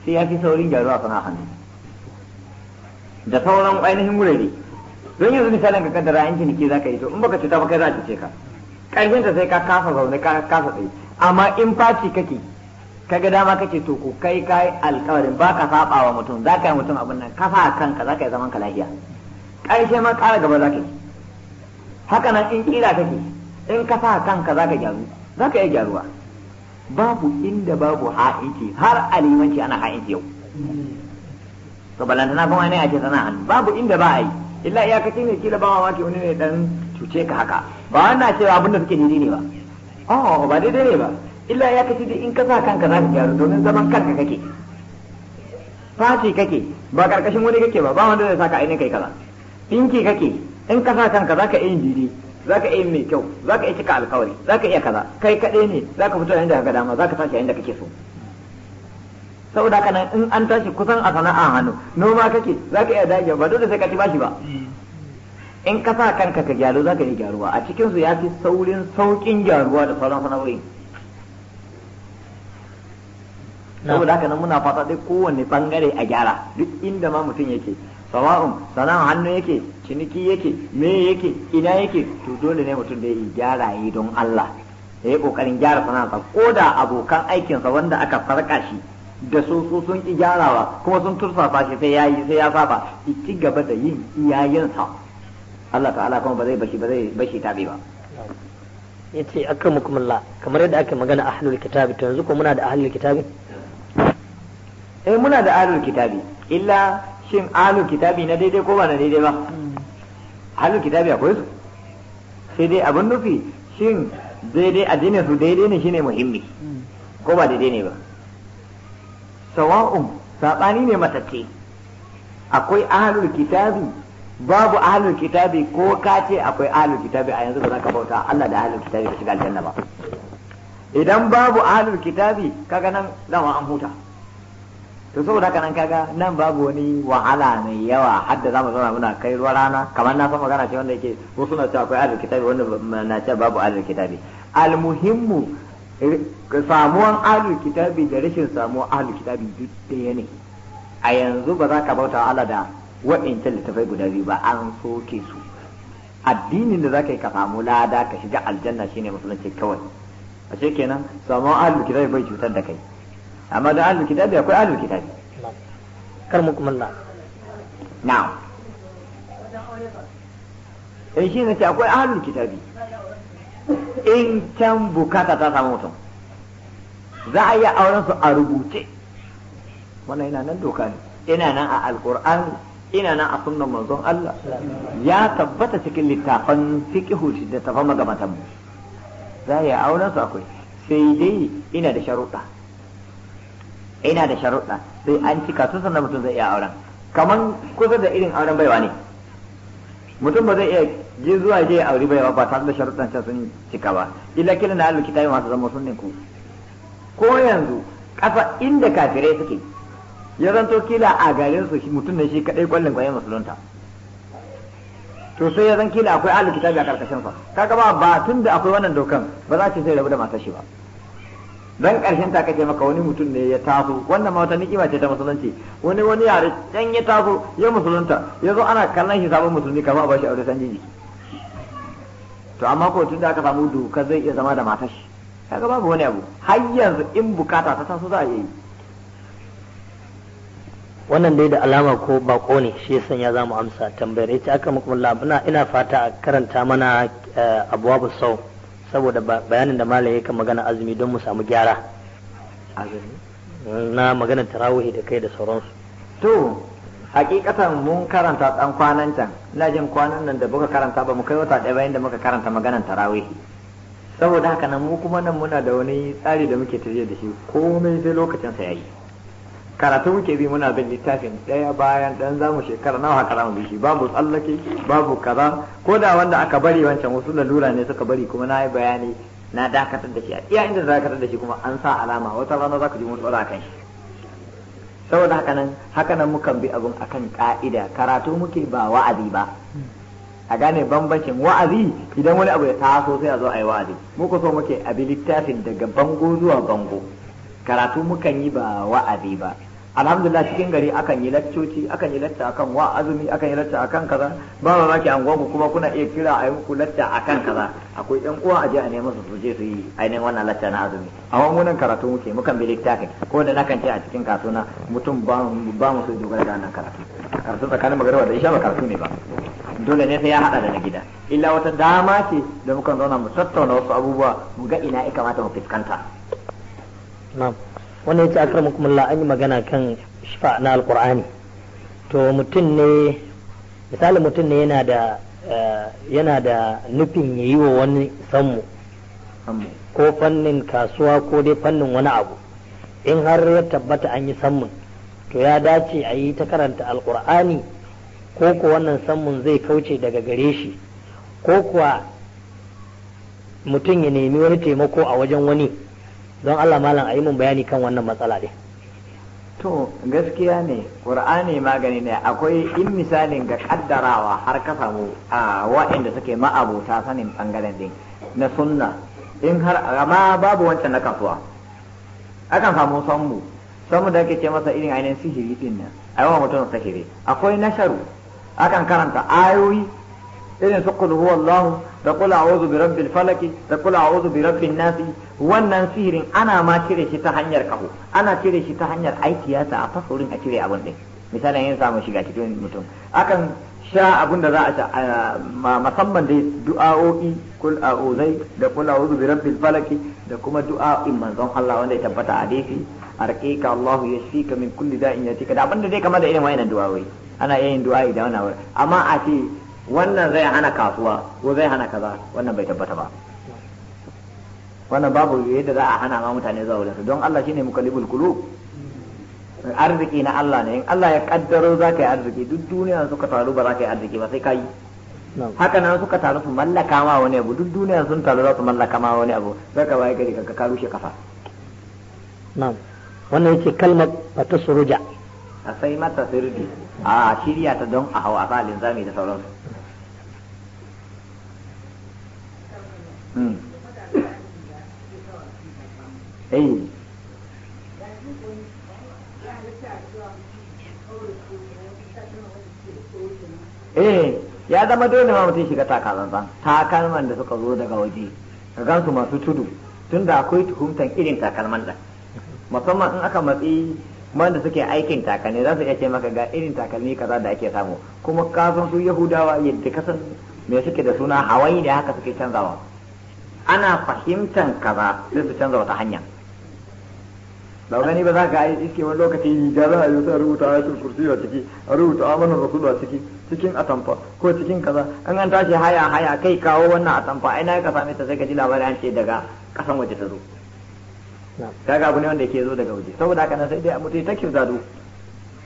sai ya fi saurin gyaruwa sana hannu da sauran ainihin wurare don yanzu misalin ka kaddara in ciniki za ka yi to in baka cuta ba kai za a cuce ka ta sai ka kasa zaune ka kasa tsaye amma in faci kake ka ga dama kake to ko kai kai alƙawarin ba ka saba wa mutum za ka yi mutum abin nan ka sa kanka za ka yi zaman ka lafiya ƙarshe ma ƙara gaba za ka yi haka nan in ƙira kake in ka sa kanka za ka gyaru za ka yi gyaruwa babu inda babu ha'inci har alimanci ana ha'inci yau to balantana kuma ne a ce sana'a babu inda ba a yi illa iyakaci ne kila ba mamaki wani ne dan cuce ka haka ba wannan cewa da suke daidai ne ba oh ba daidai ne ba illa iyakaci dai in ka sa kanka za ka gyaru domin zaman kanka kake fati kake ba karkashin wani kake ba ba wanda zai saka ainihin kai kaza dinki kake in ka sa kanka za ka yi jiri za ka iya mai kyau za ka iya cika alkawari za ka iya kaza kai kaɗai ne za ka fito inda ka dama za ka tashi inda kake so saboda haka in an tashi kusan a sana'a hannu noma kake za ka iya dage ba dole sai ka ci bashi ba hmm. in ka sa kanka ka gyaru za ka yi gyaruwa a cikin su ya fi saurin saukin gyaruwa da sauran sana'o'i saboda haka nan muna fata dai kowanne bangare a gyara duk inda ma mutum yake sawa'un sana'an hannu yake ciniki yake me yake ina yake to dole ne mutum da ya yi gyara yi don Allah ya yi kokarin gyara sanaa ko da abokan aikinsa wanda aka farka shi da su su sun ki gyarawa kuma sun turfafa shi sai yayi sai ya saba ci gaba da yin iyayensa Allah ta'ala kuma ba zai bashi ba zai bashi tabi ba yace Allah kamar yadda ake magana ahlul kitabi to yanzu ko muna da ahlul kitabi eh muna da ahlul kitabi illa shin ahlul kitabi na daidai ko ba na daidai ba ahlul kitabi akwai su sai dai abin nufi shin daidai addinin su daidai ne shine muhimmi ko ba daidai ne ba sawa'un saɓani ne matacce akwai ahlul kitabi babu ahlul kitabi ko ka ce akwai ahlul kitabi a yanzu ba za ka bauta Allah da ahlul kitabi ka shiga aljanna ba idan babu ahlul kitabi kaga nan dama an huta to saboda haka nan kaga nan babu wani wahala mai yawa har da zamu zama muna kai ruwa rana kamar na san magana ce wanda yake wasu na cewa akwai ahlul kitabi wanda na cewa babu ahlul kitabi almuhimmu Eh, samuwan ahlul kitabi da rashin samuwan ahlul kitabi duk ɗaya ne a yanzu ba za ka bauta Allah da wa'incan littafai guda biyu ba an soke su addinin da za ka yi ka samu lada ka shiga aljanna shine musulunci kawai a ce kenan samuwan ahlul kitabi bai cutar da kai amma da ahlul kitabi akwai ahlul kitabi kar mu kumulla na'am eh shine ce akwai ahlul kitabi in can bukata ta samu mutum za a iya auren su a rubuce wannan yana nan doka ne ina nan a alkur'ani ina nan a sunnan manzon Allah ya tabbata cikin littafan fiqhu da tafan magabatan mu za a iya auren su akwai sai dai ina da sharuɗa ina da sharuɗa sai an cika su sannan mutum zai iya auren kaman kusa da irin auren baiwa ne mutum ba zai iya je zuwa je ya aure ba ba tare da sharuɗan can sun cika ba illa kila na alluki tayi masu zama sunne ku ko yanzu ƙasa inda kafirai suke ya zanto kila a garin su mutum ne shi kadai kwallon kwaye musulunta to sai ya zan kila akwai alluki tayi a karkashin sa kaga ba tun tunda akwai wannan dokan ba za ki sai rabu da matar shi ba dan karshen ta kace maka wani mutum ne ya taso wannan ma wata ni'ima ce ta musulunci wani wani yare dan ya taso ya musulunta yazo ana kallon shi sabon musulmi kamar ba bashi aure san jiji to amma ko tun da aka samu doka zai iya zama da matar shi kaga babu wani abu har yanzu in bukata ta taso za a yi wannan dai da alama ko bako ne shi yasan ya zamu amsa tambayar ita aka muku ina ina fata a karanta mana eh, abuwa sau saboda bayanin da malaye kan magana azumi don mu samu gyara na magana tarawihi da kai da sauransu to hakikatan mun karanta dan kwanan can ina jin kwanan nan da muka karanta ba mu kai wata ɗaya bayan da muka karanta maganar tarawihi saboda haka nan mu kuma nan muna da wani tsari da muke tafiya da shi komai sai lokacin sa yayi karatu muke bi muna bin littafin ɗaya bayan ɗan zamu shekara nawa haka zamu bi babu tsallake babu kaza ko da wanda aka bari wancan wasu lalura ne suka bari kuma na yi bayani na dakatar da shi a iya inda za ka da shi kuma an sa alama wata rana za ka ji mutuwar akan shi saboda haka nan haka nan mukan bi abun akan ka'ida karatu muke ba wa'azi ba a gane bambancin wa'azi idan wani abu ya taso sai a zo a yi wa'azi muku so muke abi littafin daga bango zuwa bango karatu mukan yi ba wa'azi ba alhamdulillah cikin gari akan yi laccoci akan yi lacca akan wa'azumi akan yi lacca akan kaza ba ba maki anguwanku kuma kuna iya kira a yi muku lacca akan kaza akwai yan uwa a je a nemi su je su yi ainihin wannan lacca na azumi amma mu nan karatu muke mukan bi littafin ko da nakan ce a cikin kasuwa mutum ba mu so dogara da nan karatu karatu tsakanin magariba da isha ba karatu ne ba dole ne sai ya hada da na gida illa wata dama ce da mukan zauna mu tattauna wasu abubuwa mu ga ina ya kamata mu fuskanta na'am wannan yace an yi magana kan shifa na alqur'ani mutum ne misali mutum ne yana da eh, yana da nufin yayi wa wani sammu ko fannin kasuwa ko dai fannin wani abu in har ya tabbata an yi sammun to ya dace a yi ta karanta alkur'ani ko ko wannan sammun zai kauce daga gare shi ko kuwa mutum ya nemi wani taimako a wajen wani don Allah malam a yi mun bayani kan wannan matsala dai to gaskiya ne ƙur'ani magani ne akwai in misalin ga kaddarawa har ka samu a waɗanda suke ma'abota sanin bangaren din na sunna in har amma babu wancan na kasuwa akan samu sammu sammu da ake ce masa irin ainihin sihiri din nan a yawan mutum sihiri akwai nasharu akan karanta ayoyi irin su da kula a'udhu bi falaki da kula a'udhu bi rabbin nasi wannan sihirin ana ma cire shi ta hanyar kahu ana cire shi ta hanyar aiki ya ta a fasorin a cire abin din misalin yin samun shiga cikin mutum akan sha abin da za a sha musamman dai du'a'o'i kul a'udhai da kul a'udhu bi rabbil falaki da kuma du'a'in manzon Allah wanda ya tabbata a hadisi arqika Allah yashfika min kulli da'in yatika da abin da dai kamar da irin wayannan du'a'o'i ana yin du'a'i da wannan amma a ce wannan zai hana kasuwa ko zai hana kaza wannan bai tabbata ba wannan babu yadda za a hana ma mutane zuwa wurin don Allah shine mukallibul qulub arziki na Allah ne in Allah ya kaddaro za ka yi arziki duk duniya suka taru ba za ka yi arziki ba sai ka yi haka nan suka taru su mallaka ma wani abu duk duniya sun taru za su mallaka ma wani abu za ka waye gari ka ka rushe kafa na'am wannan yake kalmar bata suruja a sai mata sirri a shirya ta don a hawa a sa linzami da sauransu Hmm. eh ya zama dole ma mutum shiga takalman takalman da suka zo daga waje ka gansu masu tudu tun da akwai tuhumtan irin takalman da musamman in aka matsi wanda suke aikin takalmi za su iya ce maka ga irin takalmi kaza da ake samu kuma kasan su yahudawa yadda kasan me suke da suna hawaii da haka suke canzawa ana fahimtan kaza sai su canza wata hanya ba gani ba za ka yi iske wani lokaci yi. za a yi sai rubuta ayatul kursi a ciki a rubuta amanar rasulu a ciki cikin atamfa ko cikin kaza an an tashi haya haya kai kawo wannan atamfa ai na ka same ta sai ka ji labarin an ce daga kasan waje ta zo kaga abu ne wanda yake zo daga waje saboda haka nan sai dai mutum ta kirzado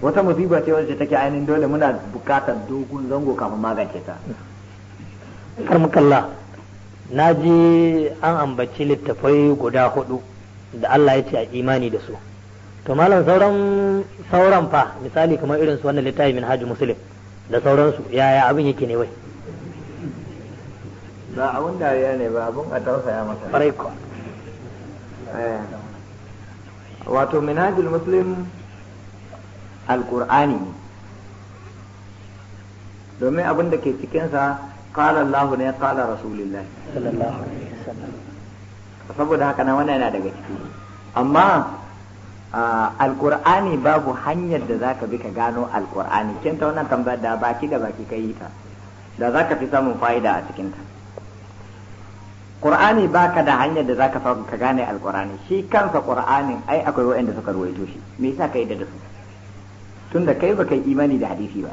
wata musiba ce wacce take ainihin dole muna bukatar dogon zango kafin magance ta kalla. na ji an ambaci littafai guda hudu da Allah ya ce a imani da su to malam sauran sauran fa misali kamar irin su wannan littafi min haji muslim da sauransu yaya abin yake ne wai ba abun dariya ne ba abun a tausaya masa ƙwarai eh. wato minhajul muslim alƙur'ani ne domin abin da ke cikinsa qala Allah ne الله صلى الله عليه وسلم saboda haka na wannan yana daga ciki amma alqur'ani babu hanyar da zaka bi ka gano alqur'ani kin ta wannan tambayar da baki da baki kai ta da zaka fi samun fa'ida a cikin ta Qur'ani baka da hanyar da zaka fa ka gane alqur'ani shi kansa qur'ani ai akwai wa'anda suka ruwaito shi me yasa kai da su tunda kai baka imani da hadisi ba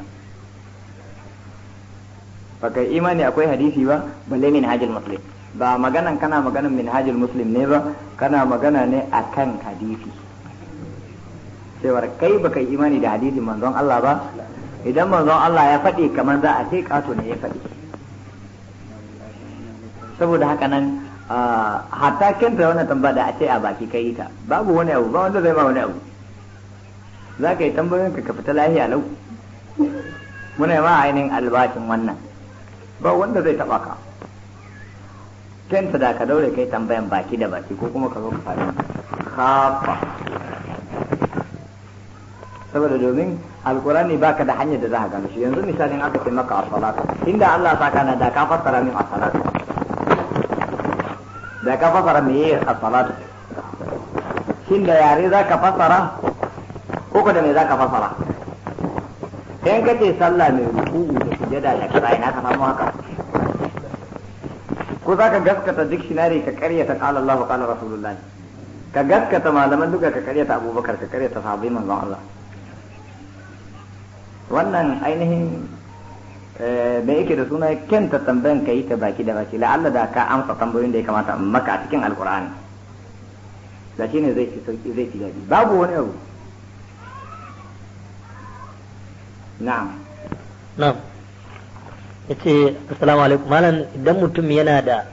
baka imani akwai hadisi ba balle min hajjal muslim ba maganan kana maganan min hajjal muslim ne ba kana magana ne akan hadisi cewar kai baka imani da hadisi manzon Allah ba idan manzon Allah ya faɗi kamar za a ce kato ne ya faɗi saboda haka nan hatta kenta wannan tamba da a ce a baki kai ta babu wani abu ba wanda zai ma wani abu za ka yi tambayoyin ka fita lahiya lau muna ma ainihin albashin wannan ba wanda zai taba ka kenta da ka daure kai tambayan baki da baki ko kuma ka zo ka faɗi kafa saboda domin alkurani baka da hanyar da za ka gano shi yanzu misalin aka ce maka as inda Allah ta kana da ka fassara min as da ka fassara me yi as shin da yare za ka fassara ko da me za ka fassara in kace sallah mai ruku'u sujada da ka gaskata haka ko za ka gaskata dictionary ka karyata qala Allahu qala ka gaskata malaman duka ka karyata Abubakar ka karyata sahabbai manzon Allah wannan ainihin da eh, yake da suna kenta tambayan ka yi ta baki da baki la'alla da ka amsa tambayoyin da ya kamata maka a cikin alkur'ani da shi ne zai fi sauki zai fi daɗi babu wani abu na'am na'am yace assalamu alaikum malam idan mutum yana da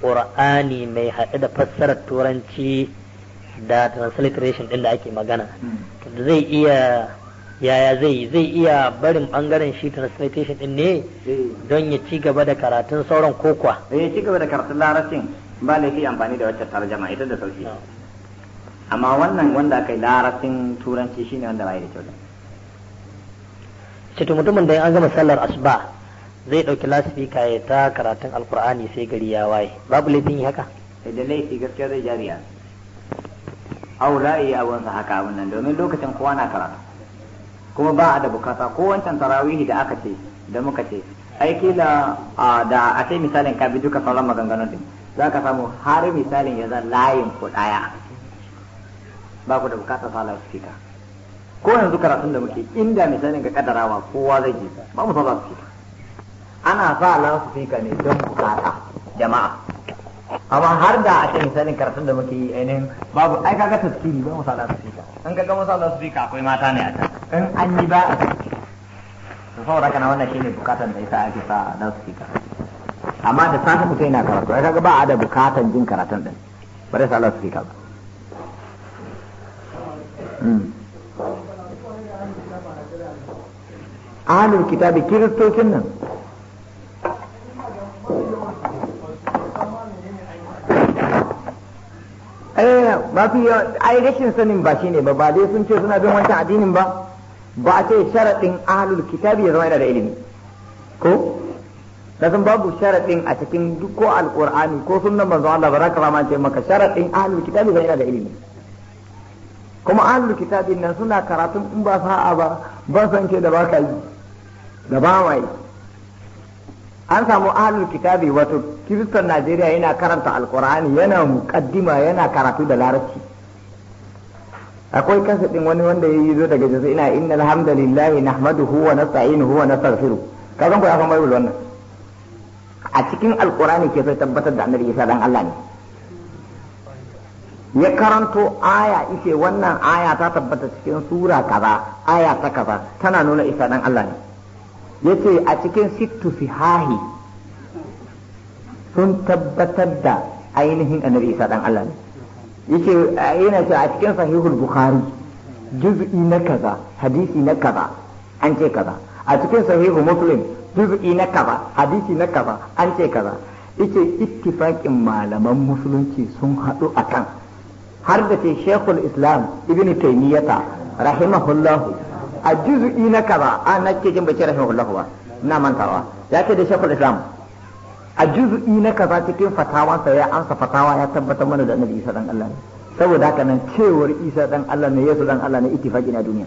qur'ani mai haɗe da fassarar turanci da transliteration din da ake magana hmm. zai iya yaya zai zai iya barin bangaren shi translation din ne eh. don ya ci gaba da karatun sauran kokwa eh, ya ci gaba da karatun larabcin ba laifi amfani da wacce tarjama ita da sauki ah. amma wannan wanda aka yi larabcin turanci shine wanda bai da kyau ce to mutumin da an gama sallar asuba zai ɗauki lasifika ya ta karatun alkur'ani sai gari ya waye babu laifin yi haka da laifi gaskiya zai jariya au ra'ayi wanzu haka abin nan domin lokacin kowa na karatu kuma ba a da bukata ko wancan tarawihi da aka ce da muka ce aiki da da a ce misalin ka bi duka sauran maganganun din za ka samu har misalin ya zan layin ku ɗaya ba ku da bukata sa lasifika ko yanzu karatun da muke inda misalin ga kadarawa kowa zai ji ba mu sa lasifika ana sa lansufika ne don bukata jama'a amma har da a cikin sanin karatun da muke yi ainihin babu ai kaga tafsiri ba musa lansufika in kaga musa lansufika akwai mata ne a can in an yi ba a can to saboda kana wannan shine bukatan da yasa ake sa lansufika amma da safe mutum yana karatu ai kaga ba a da bukatan jin karatun din ba zai sa lansufika ba hmm. ahalin kitabi kiristocin nan eh mafi ai rashin sanin ba shine ba ba dai sun ce suna bin wancan addinin ba ba a ce sharaɗin ahlul kitabi ya zama yana da ilimi ko san babu sharaɗin a cikin duk ko alqur'ani ko sunnan manzo Allah baraka rama ce maka sharadin ahlul kitabi zai yana da ilimi kuma ahlul kitabin nan suna karatun in ba sa'a ba ba san ke da ka yi da ba wai. an samu ahlul kitabi wato kiristan najeriya yana karanta alkur'ani yana mukaddima yana karatu da larabci akwai kasa din wani wanda ya yi zo daga jasa ina inna alhamdulillahi nahmaduhu wa nasta'inuhu wa nastaghfiru ka san ko ya san bible wannan a cikin alkur'ani ke sai tabbatar da annabi isa dan Allah ne ya karanto aya ishe wannan aya ta tabbata cikin sura kaza aya ta kaza tana nuna isa dan Allah ne yace a cikin sittu hahi sun tabbatar da ainihin annabi isa dan Allah ne yace yana cewa a cikin sahihul bukhari juz'i na kaza hadisi na kaza an ce kaza a cikin sahihu muslim juz'i na kaza hadisi na kaza an ce kaza yace ittifaqin malaman musulunci sun hadu akan har da ce shekul islam ibnu taymiyata rahimahullahu a juz'i na kaza a na cikin bai ce Allah ba na mantawa ya ce da shekul islam a juz'i na kaza cikin fatawansa ya ansa fatawa ya tabbatar mana da annabi isa dan Allah ne saboda haka nan cewar isa dan Allah ne yesu dan Allah ne ittifaqi na duniya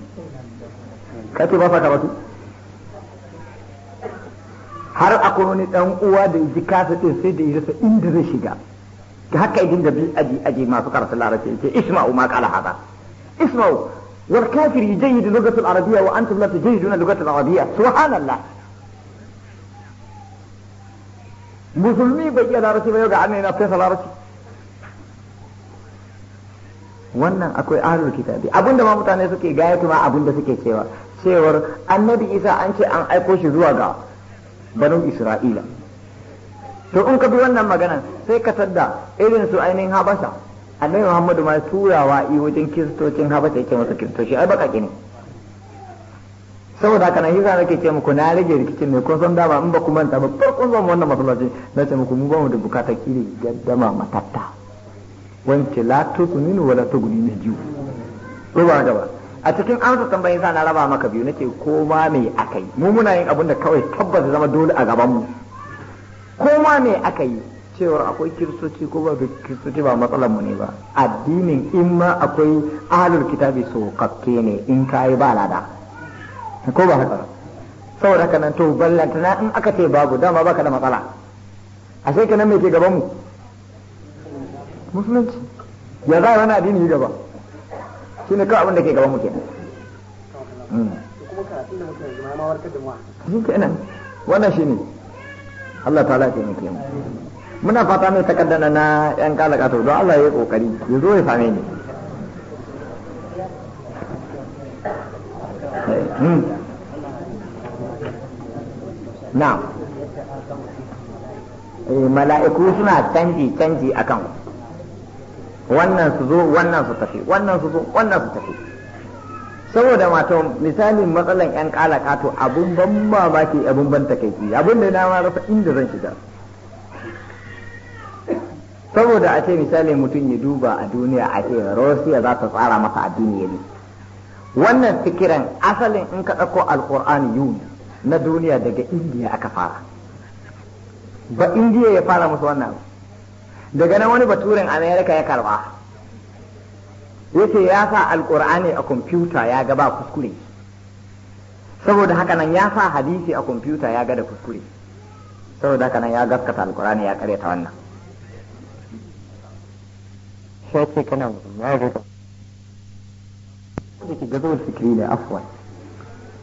kace ba fata wasu har akwai wani dan uwa da ji kasa din sai da yasa inda zai shiga haka idin da bi aji aji masu karatu larabci ce isma'u ma qala hada isma'u والكافر يجيد اللغة العربية وأنتم لا تجيدون اللغة العربية سبحان الله musulmi bai iya larabci ba yau ga annabi na fesa larabci wannan akwai ahlul kitabi abinda ma mutane suke gayatu ma da suke cewa cewar annabi isa an ce an aiko shi zuwa ga banin isra'ila to in ka bi wannan maganan sai ka tadda irin su ainihin habasha annabi muhammadu ma turawa i wajen kiristocin ta yake masa kiristoci ai baka ne saboda haka nan yasa nake ce muku na rage rikicin ne kun san dama in ba ku manta ba farkon zan wannan masallaci na ce muku mu ba mu da bukatar kiri gaddama matatta wance la nini wala tuguni min ji. ko ba gaba a cikin amsa tambayin sa na raba maka biyu nake ko ma me akai mu muna yin abin da kawai tabbas zama dole a gaban mu ko ma me akai cewar akwai kiristoci ko ba kiristoci ba matsalar mu ne ba addinin in ma akwai ahlul kitabi so kakke ne in kai ba lada ko ba haka saboda haka to ballanta na in aka ce babu dama baka da matsala ashe kenan me ke gaban mu musulunci ya za wani addini yi gaba shi ne kawai abin da ke gaban mu kenan hmm. wannan shi ne Allah ta lafiya ne ke mu muna fata mai takaddana na yan kalaka to don Allah ya yi kokari ya zo ya same ni hmm. na eh, mala'iku suna canji canji akan wannan su zo wannan su tafi wannan su zo wannan su tafi saboda mato misalin matsalan yan kalaka to abun ban mamaki abun ban takaiki abun da na rasa inda zan shiga saboda a ce misali mutum ya duba a duniya a ce rosiya za ta tsara masa a duniya ne wannan fikiran asalin in ka ɗauko alƙur'ani yuni na duniya daga indiya aka fara ba indiya ya fara musu wannan daga nan wani baturin amerika ya karba ya ce ya sa alƙur'ani a kwamfuta ya ga ba kuskure saboda haka nan ya sa hadisi a kwamfuta ya ga da kuskure saboda haka nan ya gaskata alƙur'ani ya karyata wannan sai ya ce kana ya zo da ke gazawar fikiri da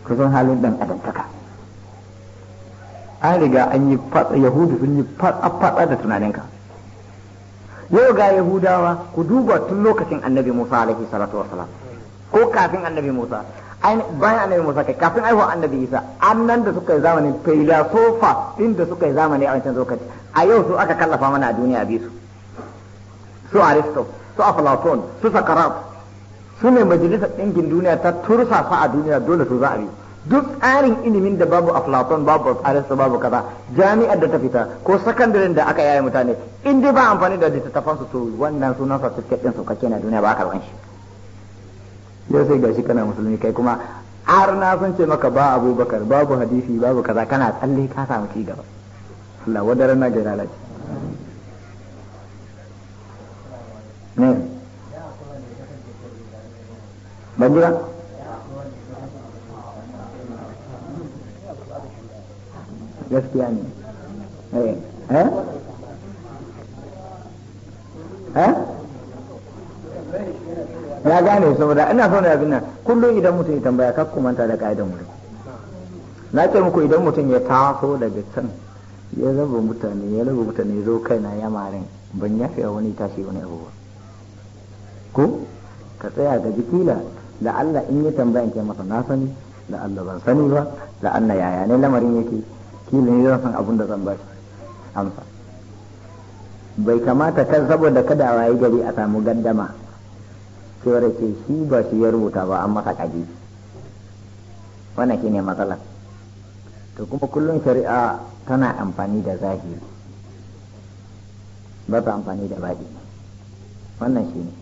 دم أدم تكا halin dan adamtaka an riga an yi fatsa yahudu sun yi fatsa da tunaninka yau ga yahudawa ku duba tun lokacin annabi musa salatu ko kafin annabi musa bayan annabi musa kai kafin aihuwa annabi isa annan da suka yi zamanin sofa din da suka yi zamani a wancan lokaci a yau su aka kallafa mana a duniya bisu su aristo su aflaton su sakarat su ne majalisar ɗinkin duniya ta tursa a duniya dole su za a bi duk tsarin ilimin da babu a aflaton babu arinsa babu kaza jami'ar da ta fita ko sakandaren da aka yaya mutane in dai ba amfani da littattafan su to wannan sunan certificate din kake na duniya ba a karban shi yau sai gashi kana musulmi kai kuma har na san ce maka ba abubakar babu hadisi babu kaza kana tsalle ka samu ci gaba Allah wadarar na ga lalace ne ban ji gaskiya ne eh eh ya gane saboda ina so na nan kullum idan mutum ya tambaya kar manta da ka'idan mu. na ce muku idan mutum ya taso daga can ya raba mutane ya raba mutane zo kaina ya marin ban yafe wani tashi wani abubuwa ko ka tsaya ga jikila da Allah in yi tambayan ke masa na sani da Allah ban sani ba da Allah yaya ne lamarin yake kila ne zan san abin da zan bashi amsa bai kamata kan saboda kada wayi gari a samu gaddama cewar ke shi ba shi ya rubuta ba an masa kaji wannan ne matsalar to kuma kullum shari'a tana amfani da zahiri ba ta amfani da baki wannan shi ne.